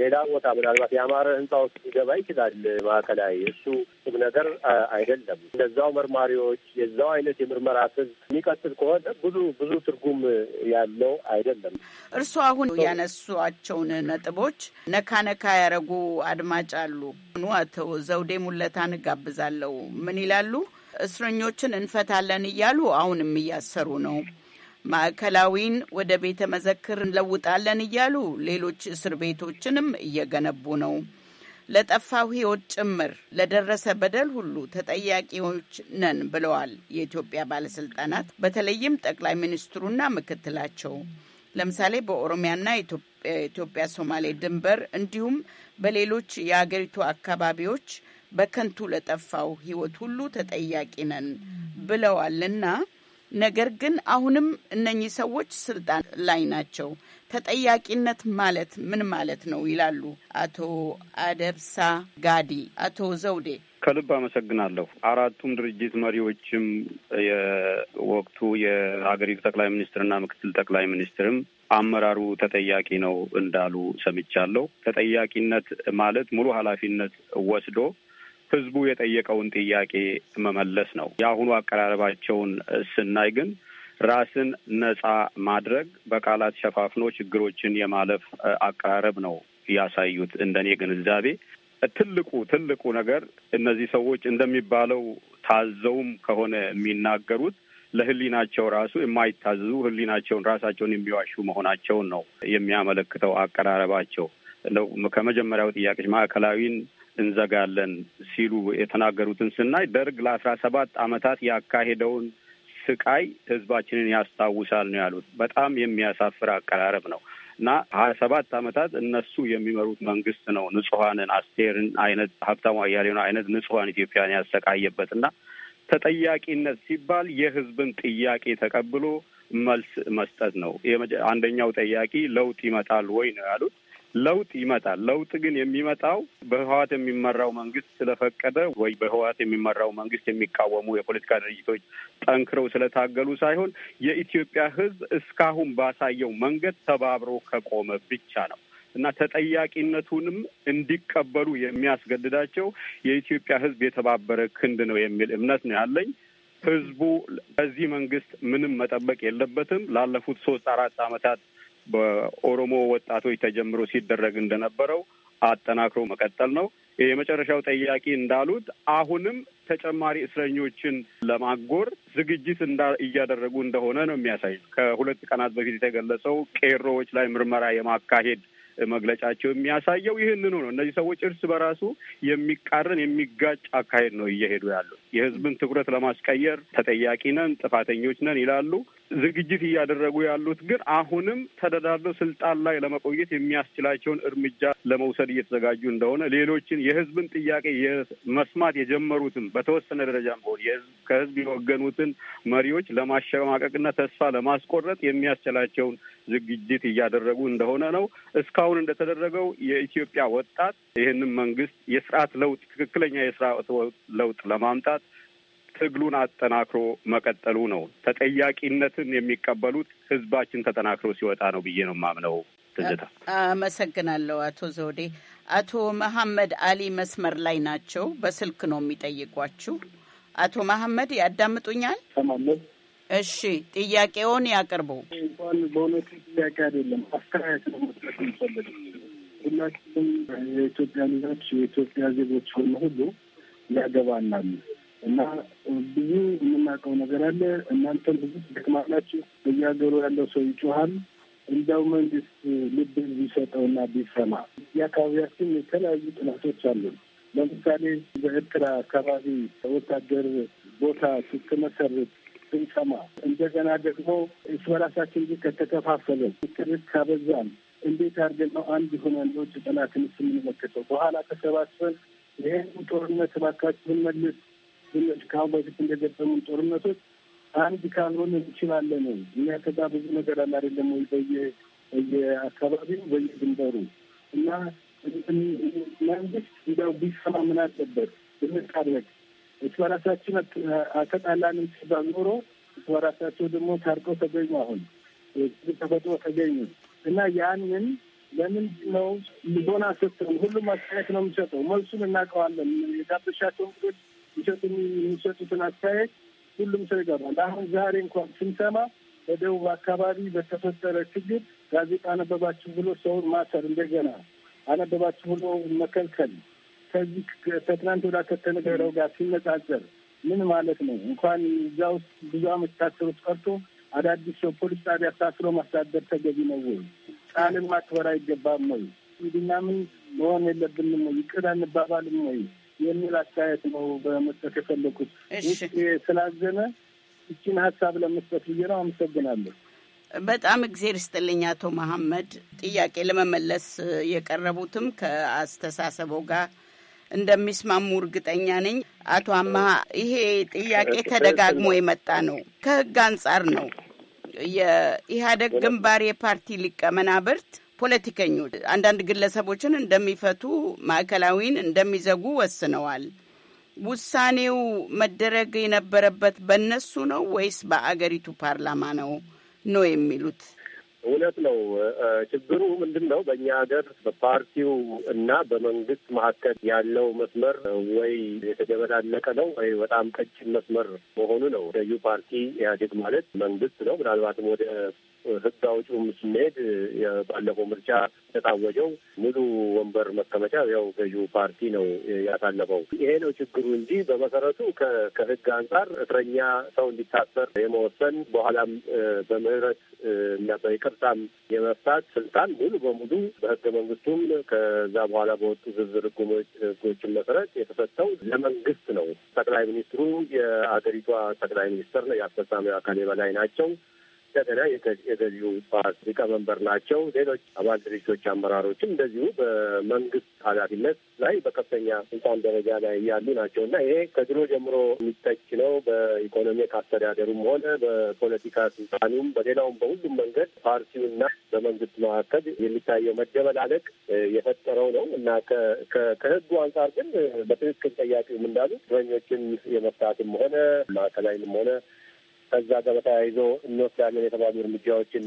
ሌላ ቦታ ምናልባት የአማረ ህንፃ ውስጥ ሊገባ ይችላል። ማዕከላዊ እሱ ም ነገር አይደለም። እንደዛው መርማሪዎች የዛው አይነት የምርመራ ስዝ የሚቀጥል ከሆነ ብዙ ብዙ ትርጉም ያለው አይደለም። እርሶ አሁን ያነሷቸውን ነጥቦች ነካ ነካ ያደረጉ አድማጭ አሉ። አቶ ዘውዴ ሙለታን እጋብዛለሁ። ምን ይላሉ? እስረኞችን እንፈታለን እያሉ አሁንም እያሰሩ ነው ማዕከላዊን ወደ ቤተ መዘክር እንለውጣለን እያሉ ሌሎች እስር ቤቶችንም እየገነቡ ነው። ለጠፋው ሕይወት ጭምር ለደረሰ በደል ሁሉ ተጠያቂዎች ነን ብለዋል የኢትዮጵያ ባለስልጣናት፣ በተለይም ጠቅላይ ሚኒስትሩና ምክትላቸው። ለምሳሌ በኦሮሚያና ኢትዮጵያ ሶማሌ ድንበር እንዲሁም በሌሎች የአገሪቱ አካባቢዎች በከንቱ ለጠፋው ሕይወት ሁሉ ተጠያቂ ነን ብለዋልና ነገር ግን አሁንም እነኚህ ሰዎች ስልጣን ላይ ናቸው። ተጠያቂነት ማለት ምን ማለት ነው ይላሉ አቶ አደብሳ ጋዲ። አቶ ዘውዴ ከልብ አመሰግናለሁ። አራቱም ድርጅት መሪዎችም የወቅቱ የሀገሪቱ ጠቅላይ ሚኒስትርና ምክትል ጠቅላይ ሚኒስትርም አመራሩ ተጠያቂ ነው እንዳሉ ሰምቻለሁ። ተጠያቂነት ማለት ሙሉ ኃላፊነት ወስዶ ህዝቡ የጠየቀውን ጥያቄ መመለስ ነው። የአሁኑ አቀራረባቸውን ስናይ ግን ራስን ነጻ ማድረግ በቃላት ሸፋፍኖ ችግሮችን የማለፍ አቀራረብ ነው ያሳዩት። እንደኔ ግንዛቤ ትልቁ ትልቁ ነገር እነዚህ ሰዎች እንደሚባለው ታዘውም ከሆነ የሚናገሩት ለህሊናቸው ራሱ የማይታዘዙ ህሊናቸውን ራሳቸውን የሚዋሹ መሆናቸውን ነው የሚያመለክተው አቀራረባቸው። ከመጀመሪያው ጥያቄዎች ማዕከላዊን እንዘጋለን ሲሉ የተናገሩትን ስናይ ደርግ ለአስራ ሰባት አመታት ያካሄደውን ስቃይ ህዝባችንን ያስታውሳል ነው ያሉት። በጣም የሚያሳፍር አቀራረብ ነው እና ሀያ ሰባት አመታት እነሱ የሚመሩት መንግስት ነው ንጹሀንን አስቴርን አይነት ሀብታሙ አያሌውን አይነት ንጹሀን ኢትዮጵያን ያሰቃየበት እና ተጠያቂነት ሲባል የህዝብን ጥያቄ ተቀብሎ መልስ መስጠት ነው። አንደኛው ጠያቂ ለውጥ ይመጣል ወይ ነው ያሉት። ለውጥ ይመጣል። ለውጥ ግን የሚመጣው በህወሓት የሚመራው መንግስት ስለፈቀደ ወይ በህወሓት የሚመራው መንግስት የሚቃወሙ የፖለቲካ ድርጅቶች ጠንክረው ስለታገሉ ሳይሆን የኢትዮጵያ ህዝብ እስካሁን ባሳየው መንገድ ተባብሮ ከቆመ ብቻ ነው እና ተጠያቂነቱንም እንዲቀበሉ የሚያስገድዳቸው የኢትዮጵያ ህዝብ የተባበረ ክንድ ነው የሚል እምነት ነው ያለኝ። ህዝቡ ከዚህ መንግስት ምንም መጠበቅ የለበትም። ላለፉት ሶስት አራት ዓመታት በኦሮሞ ወጣቶች ተጀምሮ ሲደረግ እንደነበረው አጠናክሮ መቀጠል ነው። የመጨረሻው ጠያቂ እንዳሉት አሁንም ተጨማሪ እስረኞችን ለማጎር ዝግጅት እያደረጉ እንደሆነ ነው የሚያሳይ። ከሁለት ቀናት በፊት የተገለጸው ቄሮዎች ላይ ምርመራ የማካሄድ መግለጫቸው የሚያሳየው ይህንኑ ነው። እነዚህ ሰዎች እርስ በራሱ የሚቃረን የሚጋጭ አካሄድ ነው እየሄዱ ያሉ። የህዝብን ትኩረት ለማስቀየር ተጠያቂ ነን፣ ጥፋተኞች ነን ይላሉ። ዝግጅት እያደረጉ ያሉት ግን አሁንም ተደራድረው ስልጣን ላይ ለመቆየት የሚያስችላቸውን እርምጃ ለመውሰድ እየተዘጋጁ እንደሆነ ሌሎችን የህዝብን ጥያቄ መስማት የጀመሩትን በተወሰነ ደረጃም ቢሆን ከህዝብ የወገኑትን መሪዎች ለማሸማቀቅና ተስፋ ለማስቆረጥ የሚያስችላቸውን ዝግጅት እያደረጉ እንደሆነ ነው። እስካሁን እንደተደረገው የኢትዮጵያ ወጣት ይህንን መንግስት የስርዓት ለውጥ ትክክለኛ የስርዓት ለውጥ ለማምጣት ትግሉን አጠናክሮ መቀጠሉ ነው። ተጠያቂነትን የሚቀበሉት ህዝባችን ተጠናክሮ ሲወጣ ነው ብዬ ነው የማምነው። ትዝታ አመሰግናለሁ። አቶ ዘውዴ። አቶ መሐመድ አሊ መስመር ላይ ናቸው። በስልክ ነው የሚጠይቋችሁ። አቶ መሐመድ ያዳምጡኛል? እሺ፣ ጥያቄውን ያቅርቡ። እንኳን በእውነት ጥያቄ አይደለም አስተያየት ነው መስጠት የሚፈልግ ሁላችንም የኢትዮጵያ ልጆች የኢትዮጵያ ዜጎች ሆነ ሁሉ ያገባናል እና ብዙ የምናውቀው ነገር አለ። እናንተም ብዙ ደክማላችሁ። በየሀገሩ ያለው ሰው ይጮሃል። እንዳው መንግስት ልብ ቢሰጠውና ቢሰማ። የአካባቢያችን የተለያዩ ጥናቶች አሉ። ለምሳሌ በኤርትራ አካባቢ ወታደር ቦታ ስትመሰርት ስንሰማ፣ እንደገና ደግሞ እስ በራሳችን ከተከፋፈለን ቅርስ ካበዛን እንዴት አድርገን ነው አንድ ሆነን ለውጭ ጠላትን የምንመክተው? በኋላ ተሰባስበን ይህን ጦርነት እባካችሁን መልስ ከአሁን በፊት እንደገጠሙን ጦርነቶች አንድ ካልሆነ እንችላለን እኛ ከዛ ብዙ ነገር አለ አይደለም ወይ በየ በየአካባቢው በየድንበሩ እና መንግስት እንደው ቢሰማ ምን አለበት ብንቃረግ እስ በራሳችን አተጣላንም ሲባል ኖሮ እስ በራሳቸው ደግሞ ታርቀው ተገኙ አሁን ተፈጥሮ ተገኙ እና ያንን ለምንድን ነው ልቦና ሰጥተው ሁሉም አስተያየት ነው የሚሰጠው መልሱን እናውቀዋለን የጋበሻቸው እንግዶች ይሰጡ የሚሰጡትን አስተያየት ሁሉም ሰው ይገባል። አሁን ዛሬ እንኳን ስንሰማ በደቡብ አካባቢ በተፈጠረ ችግር ጋዜጣ አነበባችሁ ብሎ ሰውን ማሰር፣ እንደገና አነበባችሁ ብሎ መከልከል ከዚህ ከትናንት ወዳ ከተነገረው ጋር ሲነጻጸር ምን ማለት ነው? እንኳን እዛ ውስጥ ብዙ አመት ታሰሩት ቀርቶ አዳዲስ ሰው ፖሊስ ጣቢያ ታስሮ ማስተዳደር ተገቢ ነው ወይ? ቃልን ማክበር አይገባም ወይ? እንዲናምን መሆን የለብንም ወይ? ይቅር አንባባልም ወይ? የሚል አስተያየት ነው በመስጠት የፈለኩት። ስላዘነ እችን ሀሳብ ለመስጠት ብዬ ነው። አመሰግናለሁ። በጣም እግዜር ይስጥልኝ አቶ መሐመድ። ጥያቄ ለመመለስ የቀረቡትም ከአስተሳሰበው ጋር እንደሚስማሙ እርግጠኛ ነኝ። አቶ አማሀ፣ ይሄ ጥያቄ ተደጋግሞ የመጣ ነው። ከህግ አንጻር ነው። የኢህአዴግ ግንባር የፓርቲ ሊቀመናብርት ፖለቲከኞች አንዳንድ ግለሰቦችን እንደሚፈቱ፣ ማዕከላዊን እንደሚዘጉ ወስነዋል። ውሳኔው መደረግ የነበረበት በእነሱ ነው ወይስ በአገሪቱ ፓርላማ ነው ነው የሚሉት? እውነት ነው። ችግሩ ምንድን ነው? በእኛ ሀገር በፓርቲው እና በመንግስት መካከል ያለው መስመር ወይ የተደበላለቀ ነው ወይ በጣም ቀጭን መስመር መሆኑ ነው። ገዢው ፓርቲ ኢህአዴግ ማለት መንግስት ነው። ምናልባትም ወደ ህግ አውጪውም ስንሄድ ባለፈው ምርጫ የታወጀው ሙሉ ወንበር መቀመጫ ያው ገዢው ፓርቲ ነው ያሳለፈው። ይሄ ነው ችግሩ እንጂ በመሰረቱ ከህግ አንጻር እስረኛ ሰው እንዲታሰር የመወሰን በኋላም በምህረት እና በይቅርታም የመፍታት ስልጣን ሙሉ በሙሉ በህገ መንግስቱም ከዛ በኋላ በወጡ ዝርዝር ህጎችን መሰረት የተሰጠው ለመንግስት ነው። ጠቅላይ ሚኒስትሩ የአገሪቷ ጠቅላይ ሚኒስትር ነው። የአስፈጻሚ አካል የበላይ ናቸው። እንደገና የገዢው ፓርቲ ሊቀመንበር ናቸው። ሌሎች አባል ድርጅቶች አመራሮችም እንደዚሁ በመንግስት ኃላፊነት ላይ በከፍተኛ ስልጣን ደረጃ ላይ ያሉ ናቸው እና ይሄ ከድሮ ጀምሮ የሚተች ነው። በኢኮኖሚ አስተዳደሩም ሆነ በፖለቲካ ስልጣኑም በሌላውም በሁሉም መንገድ ፓርቲውና በመንግስት መካከል የሚታየው መደበላለቅ የፈጠረው ነው እና ከህጉ አንጻር ግን በትክክል ጠያቂውም እንዳሉት እስረኞችን የመፍታትም ሆነ ማዕከላዊም ሆነ ከዛ ጋር በተያይዞ እንወስዳለን የተባሉ እርምጃዎችን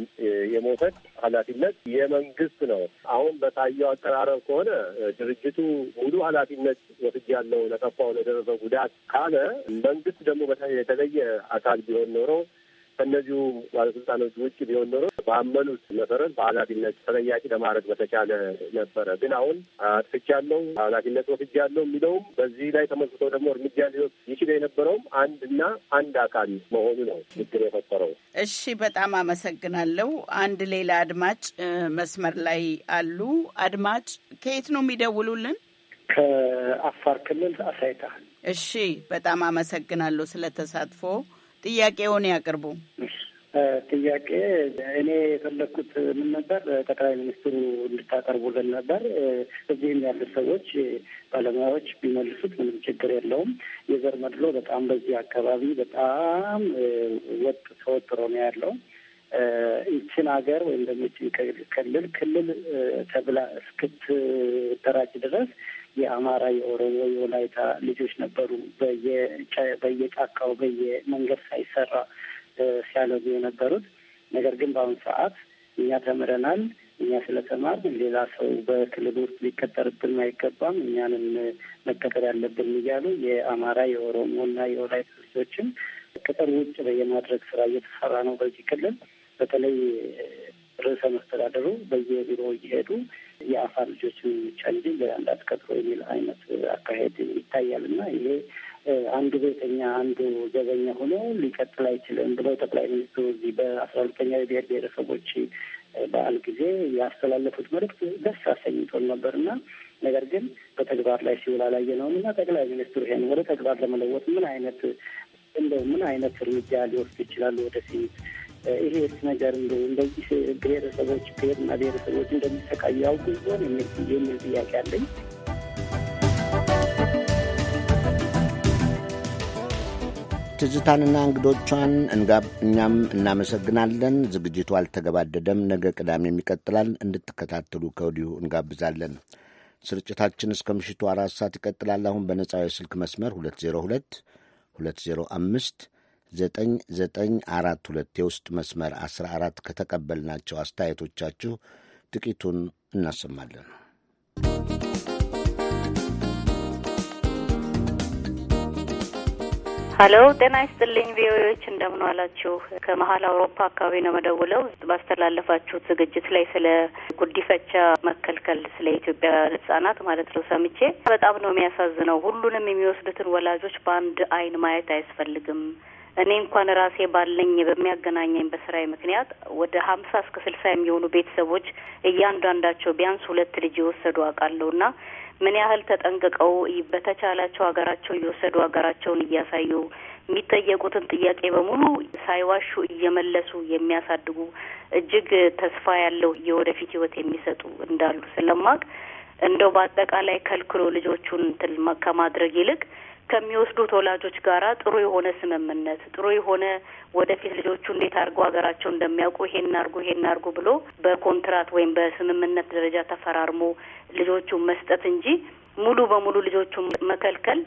የመውሰድ ኃላፊነት የመንግስት ነው። አሁን በታየው አቀራረብ ከሆነ ድርጅቱ ሙሉ ኃላፊነት ወስጃለሁ ለጠፋው ለደረሰው ጉዳት ካለ መንግስት ደግሞ የተለየ አካል ቢሆን ኖረው ከእነዚሁ ባለስልጣኖች ውጭ ቢሆን ኖሮ ባመኑት መሰረት በኃላፊነት ተጠያቂ ለማድረግ በተቻለ ነበረ። ግን አሁን አጥፍቻለሁ፣ ኃላፊነት ወስጃለሁ የሚለውም በዚህ ላይ ተመልክቶ ደግሞ እርምጃ ሊወስድ ይችል የነበረውም አንድና አንድ አካል መሆኑ ነው ችግር የፈጠረው። እሺ፣ በጣም አመሰግናለሁ። አንድ ሌላ አድማጭ መስመር ላይ አሉ። አድማጭ ከየት ነው የሚደውሉልን? ከአፋር ክልል አሳይታል። እሺ፣ በጣም አመሰግናለሁ ስለተሳትፎ። ጥያቄውን ያቅርቡ። ጥያቄ እኔ የፈለግኩት ምን ነበር፣ ጠቅላይ ሚኒስትሩ እንድታቀርቡልን ነበር። እዚህም ያሉ ሰዎች ባለሙያዎች ቢመልሱት ምንም ችግር የለውም። የዘር መድሎ በጣም በዚህ አካባቢ በጣም ወጥ ተወጥሮ ነው ያለው። ይችን ሀገር ወይም ደግሞ ይችን ክልል ክልል ተብላ እስክትደራጅ ድረስ የአማራ፣ የኦሮሞ፣ የወላይታ ልጆች ነበሩ በየጫካው በየመንገድ ሳይሰራ ሲያለጉ የነበሩት። ነገር ግን በአሁኑ ሰዓት እኛ ተምረናል። እኛ ስለተማር ሌላ ሰው በክልል ውስጥ ሊቀጠርብን አይገባም፣ እኛንም መቀጠር ያለብን እያሉ የአማራ የኦሮሞና የወላይታ ልጆችን ቅጥር ውጭ የማድረግ ስራ እየተሰራ ነው። በዚህ ክልል በተለይ ርዕሰ መስተዳደሩ በየቢሮ እየሄዱ የአፋር ልጆችን ጨንጅ እንዳትቀጥሮ የሚል አይነት አካሄድ ይታያል እና ይሄ አንዱ ቤተኛ አንዱ ዘበኛ ሆኖ ሊቀጥል አይችልም ብለው ጠቅላይ ሚኒስትሩ እዚህ በአስራ ሁለተኛ የብሔር ብሔረሰቦች በዓል ጊዜ ያስተላለፉት መልእክት ደስ አሰኝቶን ነበር እና ነገር ግን በተግባር ላይ ሲውል አላየነውም እና ጠቅላይ ሚኒስትሩ ይሄን ወደ ተግባር ለመለወጥ ምን አይነት እንደው ምን አይነት እርምጃ ሊወስድ ይችላሉ ወደፊት ይሄስ ነገር እንደ እንደዚህ ብሔረሰቦች ብሔርና ብሔረሰቦች እንደሚሰቃዩ ያውቁ ይሆን የሚል ጥያቄ አለኝ። ትዝታንና እንግዶቿን እኛም እናመሰግናለን። ዝግጅቱ አልተገባደደም፣ ነገ ቅዳሜም ይቀጥላል። እንድትከታተሉ ከወዲሁ እንጋብዛለን። ስርጭታችን እስከ ምሽቱ አራት ሰዓት ይቀጥላል። አሁን በነጻው የስልክ መስመር 202 205 9942 የውስጥ መስመር 14 ከተቀበልናቸው አስተያየቶቻችሁ ጥቂቱን እናሰማለን። ሀሎ፣ ጤና ይስጥልኝ ቪኦኤዎች፣ እንደምን አላችሁ? ከመሀል አውሮፓ አካባቢ ነው መደውለው። ባስተላለፋችሁት ዝግጅት ላይ ስለ ጉዲፈቻ መከልከል፣ ስለ ኢትዮጵያ ሕጻናት ማለት ነው ሰምቼ በጣም ነው የሚያሳዝነው። ሁሉንም የሚወስዱትን ወላጆች በአንድ አይን ማየት አያስፈልግም። እኔ እንኳን ራሴ ባለኝ በሚያገናኘኝ በስራዬ ምክንያት ወደ ሀምሳ እስከ ስልሳ የሚሆኑ ቤተሰቦች እያንዳንዳቸው ቢያንስ ሁለት ልጅ የወሰዱ አውቃለሁ እና ምን ያህል ተጠንቅቀው በተቻላቸው ሀገራቸው እየወሰዱ ሀገራቸውን እያሳዩ የሚጠየቁትን ጥያቄ በሙሉ ሳይዋሹ እየመለሱ የሚያሳድጉ እጅግ ተስፋ ያለው የወደፊት ህይወት የሚሰጡ እንዳሉ ስለማቅ እንደው በአጠቃላይ ከልክሎ ልጆቹን ትል ከማድረግ ይልቅ ከሚወስዱት ወላጆች ጋር ጥሩ የሆነ ስምምነት ጥሩ የሆነ ወደፊት ልጆቹ እንዴት አድርጎ ሀገራቸው እንደሚያውቁ ይሄን አድርጉ ይሄን አድርጉ ብሎ በኮንትራት ወይም በስምምነት ደረጃ ተፈራርሞ ልጆቹን መስጠት እንጂ ሙሉ በሙሉ ልጆቹን መከልከል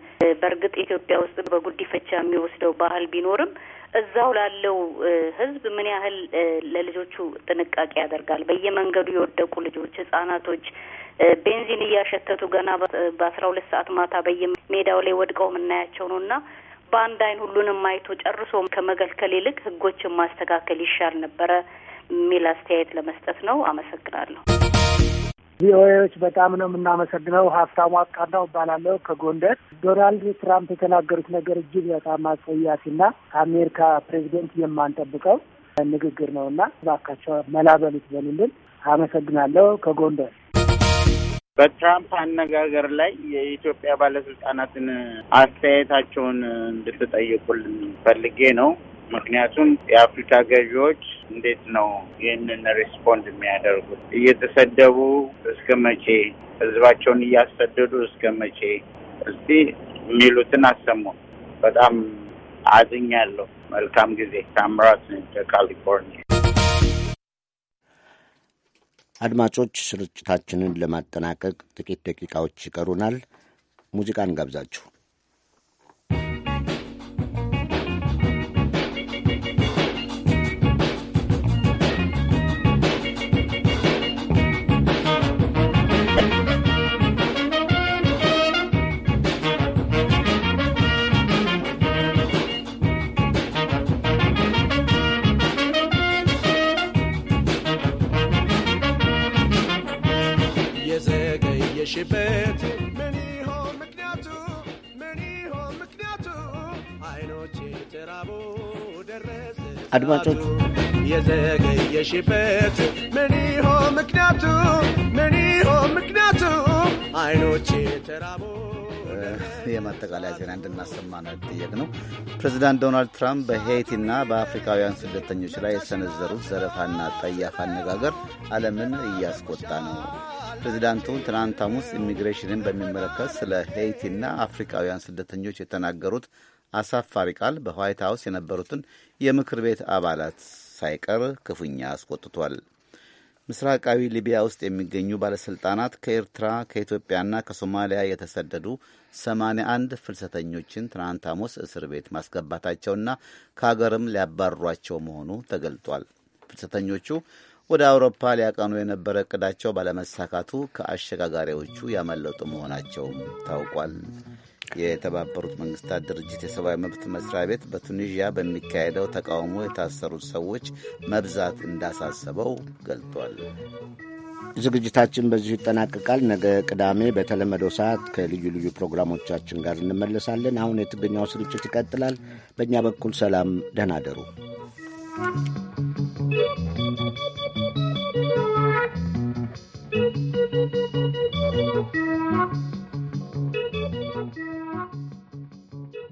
በእርግጥ ኢትዮጵያ ውስጥ በጉዲፈቻ የሚወስደው ባህል ቢኖርም እዛው ላለው ህዝብ ምን ያህል ለልጆቹ ጥንቃቄ ያደርጋል? በየመንገዱ የወደቁ ልጆች፣ ህጻናቶች ቤንዚን እያሸተቱ ገና በአስራ ሁለት ሰዓት ማታ በየሜዳው ላይ ወድቀው የምናያቸው ነው እና በአንድ አይን ሁሉንም አይቶ ጨርሶ ከመገልከል ይልቅ ህጎችን ማስተካከል ይሻል ነበረ የሚል አስተያየት ለመስጠት ነው። አመሰግናለሁ። ቪኦኤዎች በጣም ነው የምናመሰግነው። ሀብታሙ አቃናው እባላለሁ ከጎንደር። ዶናልድ ትራምፕ የተናገሩት ነገር እጅግ በጣም አጸያፊና ከአሜሪካ ፕሬዚደንት የማንጠብቀው ንግግር ነው እና እባካቸው መላበሉት በሉልን። አመሰግናለሁ ከጎንደር። በትራምፕ አነጋገር ላይ የኢትዮጵያ ባለስልጣናትን አስተያየታቸውን እንድትጠይቁልን ፈልጌ ነው። ምክንያቱም የአፍሪካ ገዢዎች እንዴት ነው ይህንን ሪስፖንድ የሚያደርጉት? እየተሰደቡ እስከ መቼ? ህዝባቸውን እያሰደዱ እስከ መቼ? እስቲ የሚሉትን አሰሙ። በጣም አዝኛለሁ። መልካም ጊዜ። ታምራት ከካሊፎርኒያ። አድማጮች፣ ስርጭታችንን ለማጠናቀቅ ጥቂት ደቂቃዎች ይቀሩናል። ሙዚቃን ጋብዛችሁ አድማጮች የዘገየሽበት ምን ይሆን ምክንያቱ? ምን ይሆን ምክንያቱ? አይኖች ተራቦ የማጠቃለያ ዜና እንድናሰማ ነው ነው። ፕሬዚዳንት ዶናልድ ትራምፕ በሄይቲና በአፍሪካውያን ስደተኞች ላይ የሰነዘሩት ዘረፋና ጠያፍ አነጋገር ዓለምን እያስቆጣ ነው። ፕሬዚዳንቱ ትናንት ሐሙስ ኢሚግሬሽንን በሚመለከት ስለ ሄይቲና አፍሪካውያን ስደተኞች የተናገሩት አሳፋሪ ቃል በዋይት ሀውስ የነበሩትን የምክር ቤት አባላት ሳይቀር ክፉኛ አስቆጥቷል። ምስራቃዊ ሊቢያ ውስጥ የሚገኙ ባለሥልጣናት ከኤርትራ ከኢትዮጵያና ከሶማሊያ የተሰደዱ 81 ፍልሰተኞችን ትናንት ሐሙስ እስር ቤት ማስገባታቸውና ከሀገርም ሊያባሯቸው መሆኑ ተገልጧል። ፍልሰተኞቹ ወደ አውሮፓ ሊያቀኑ የነበረ ዕቅዳቸው ባለመሳካቱ ከአሸጋጋሪዎቹ ያመለጡ መሆናቸውም ታውቋል። የተባበሩት መንግስታት ድርጅት የሰብአዊ መብት መስሪያ ቤት በቱኒዥያ በሚካሄደው ተቃውሞ የታሰሩት ሰዎች መብዛት እንዳሳሰበው ገልጧል። ዝግጅታችን በዚሁ ይጠናቀቃል። ነገ ቅዳሜ በተለመደው ሰዓት ከልዩ ልዩ ፕሮግራሞቻችን ጋር እንመለሳለን። አሁን የትግርኛው ስርጭት ይቀጥላል። በእኛ በኩል ሰላም፣ ደህና አደሩ።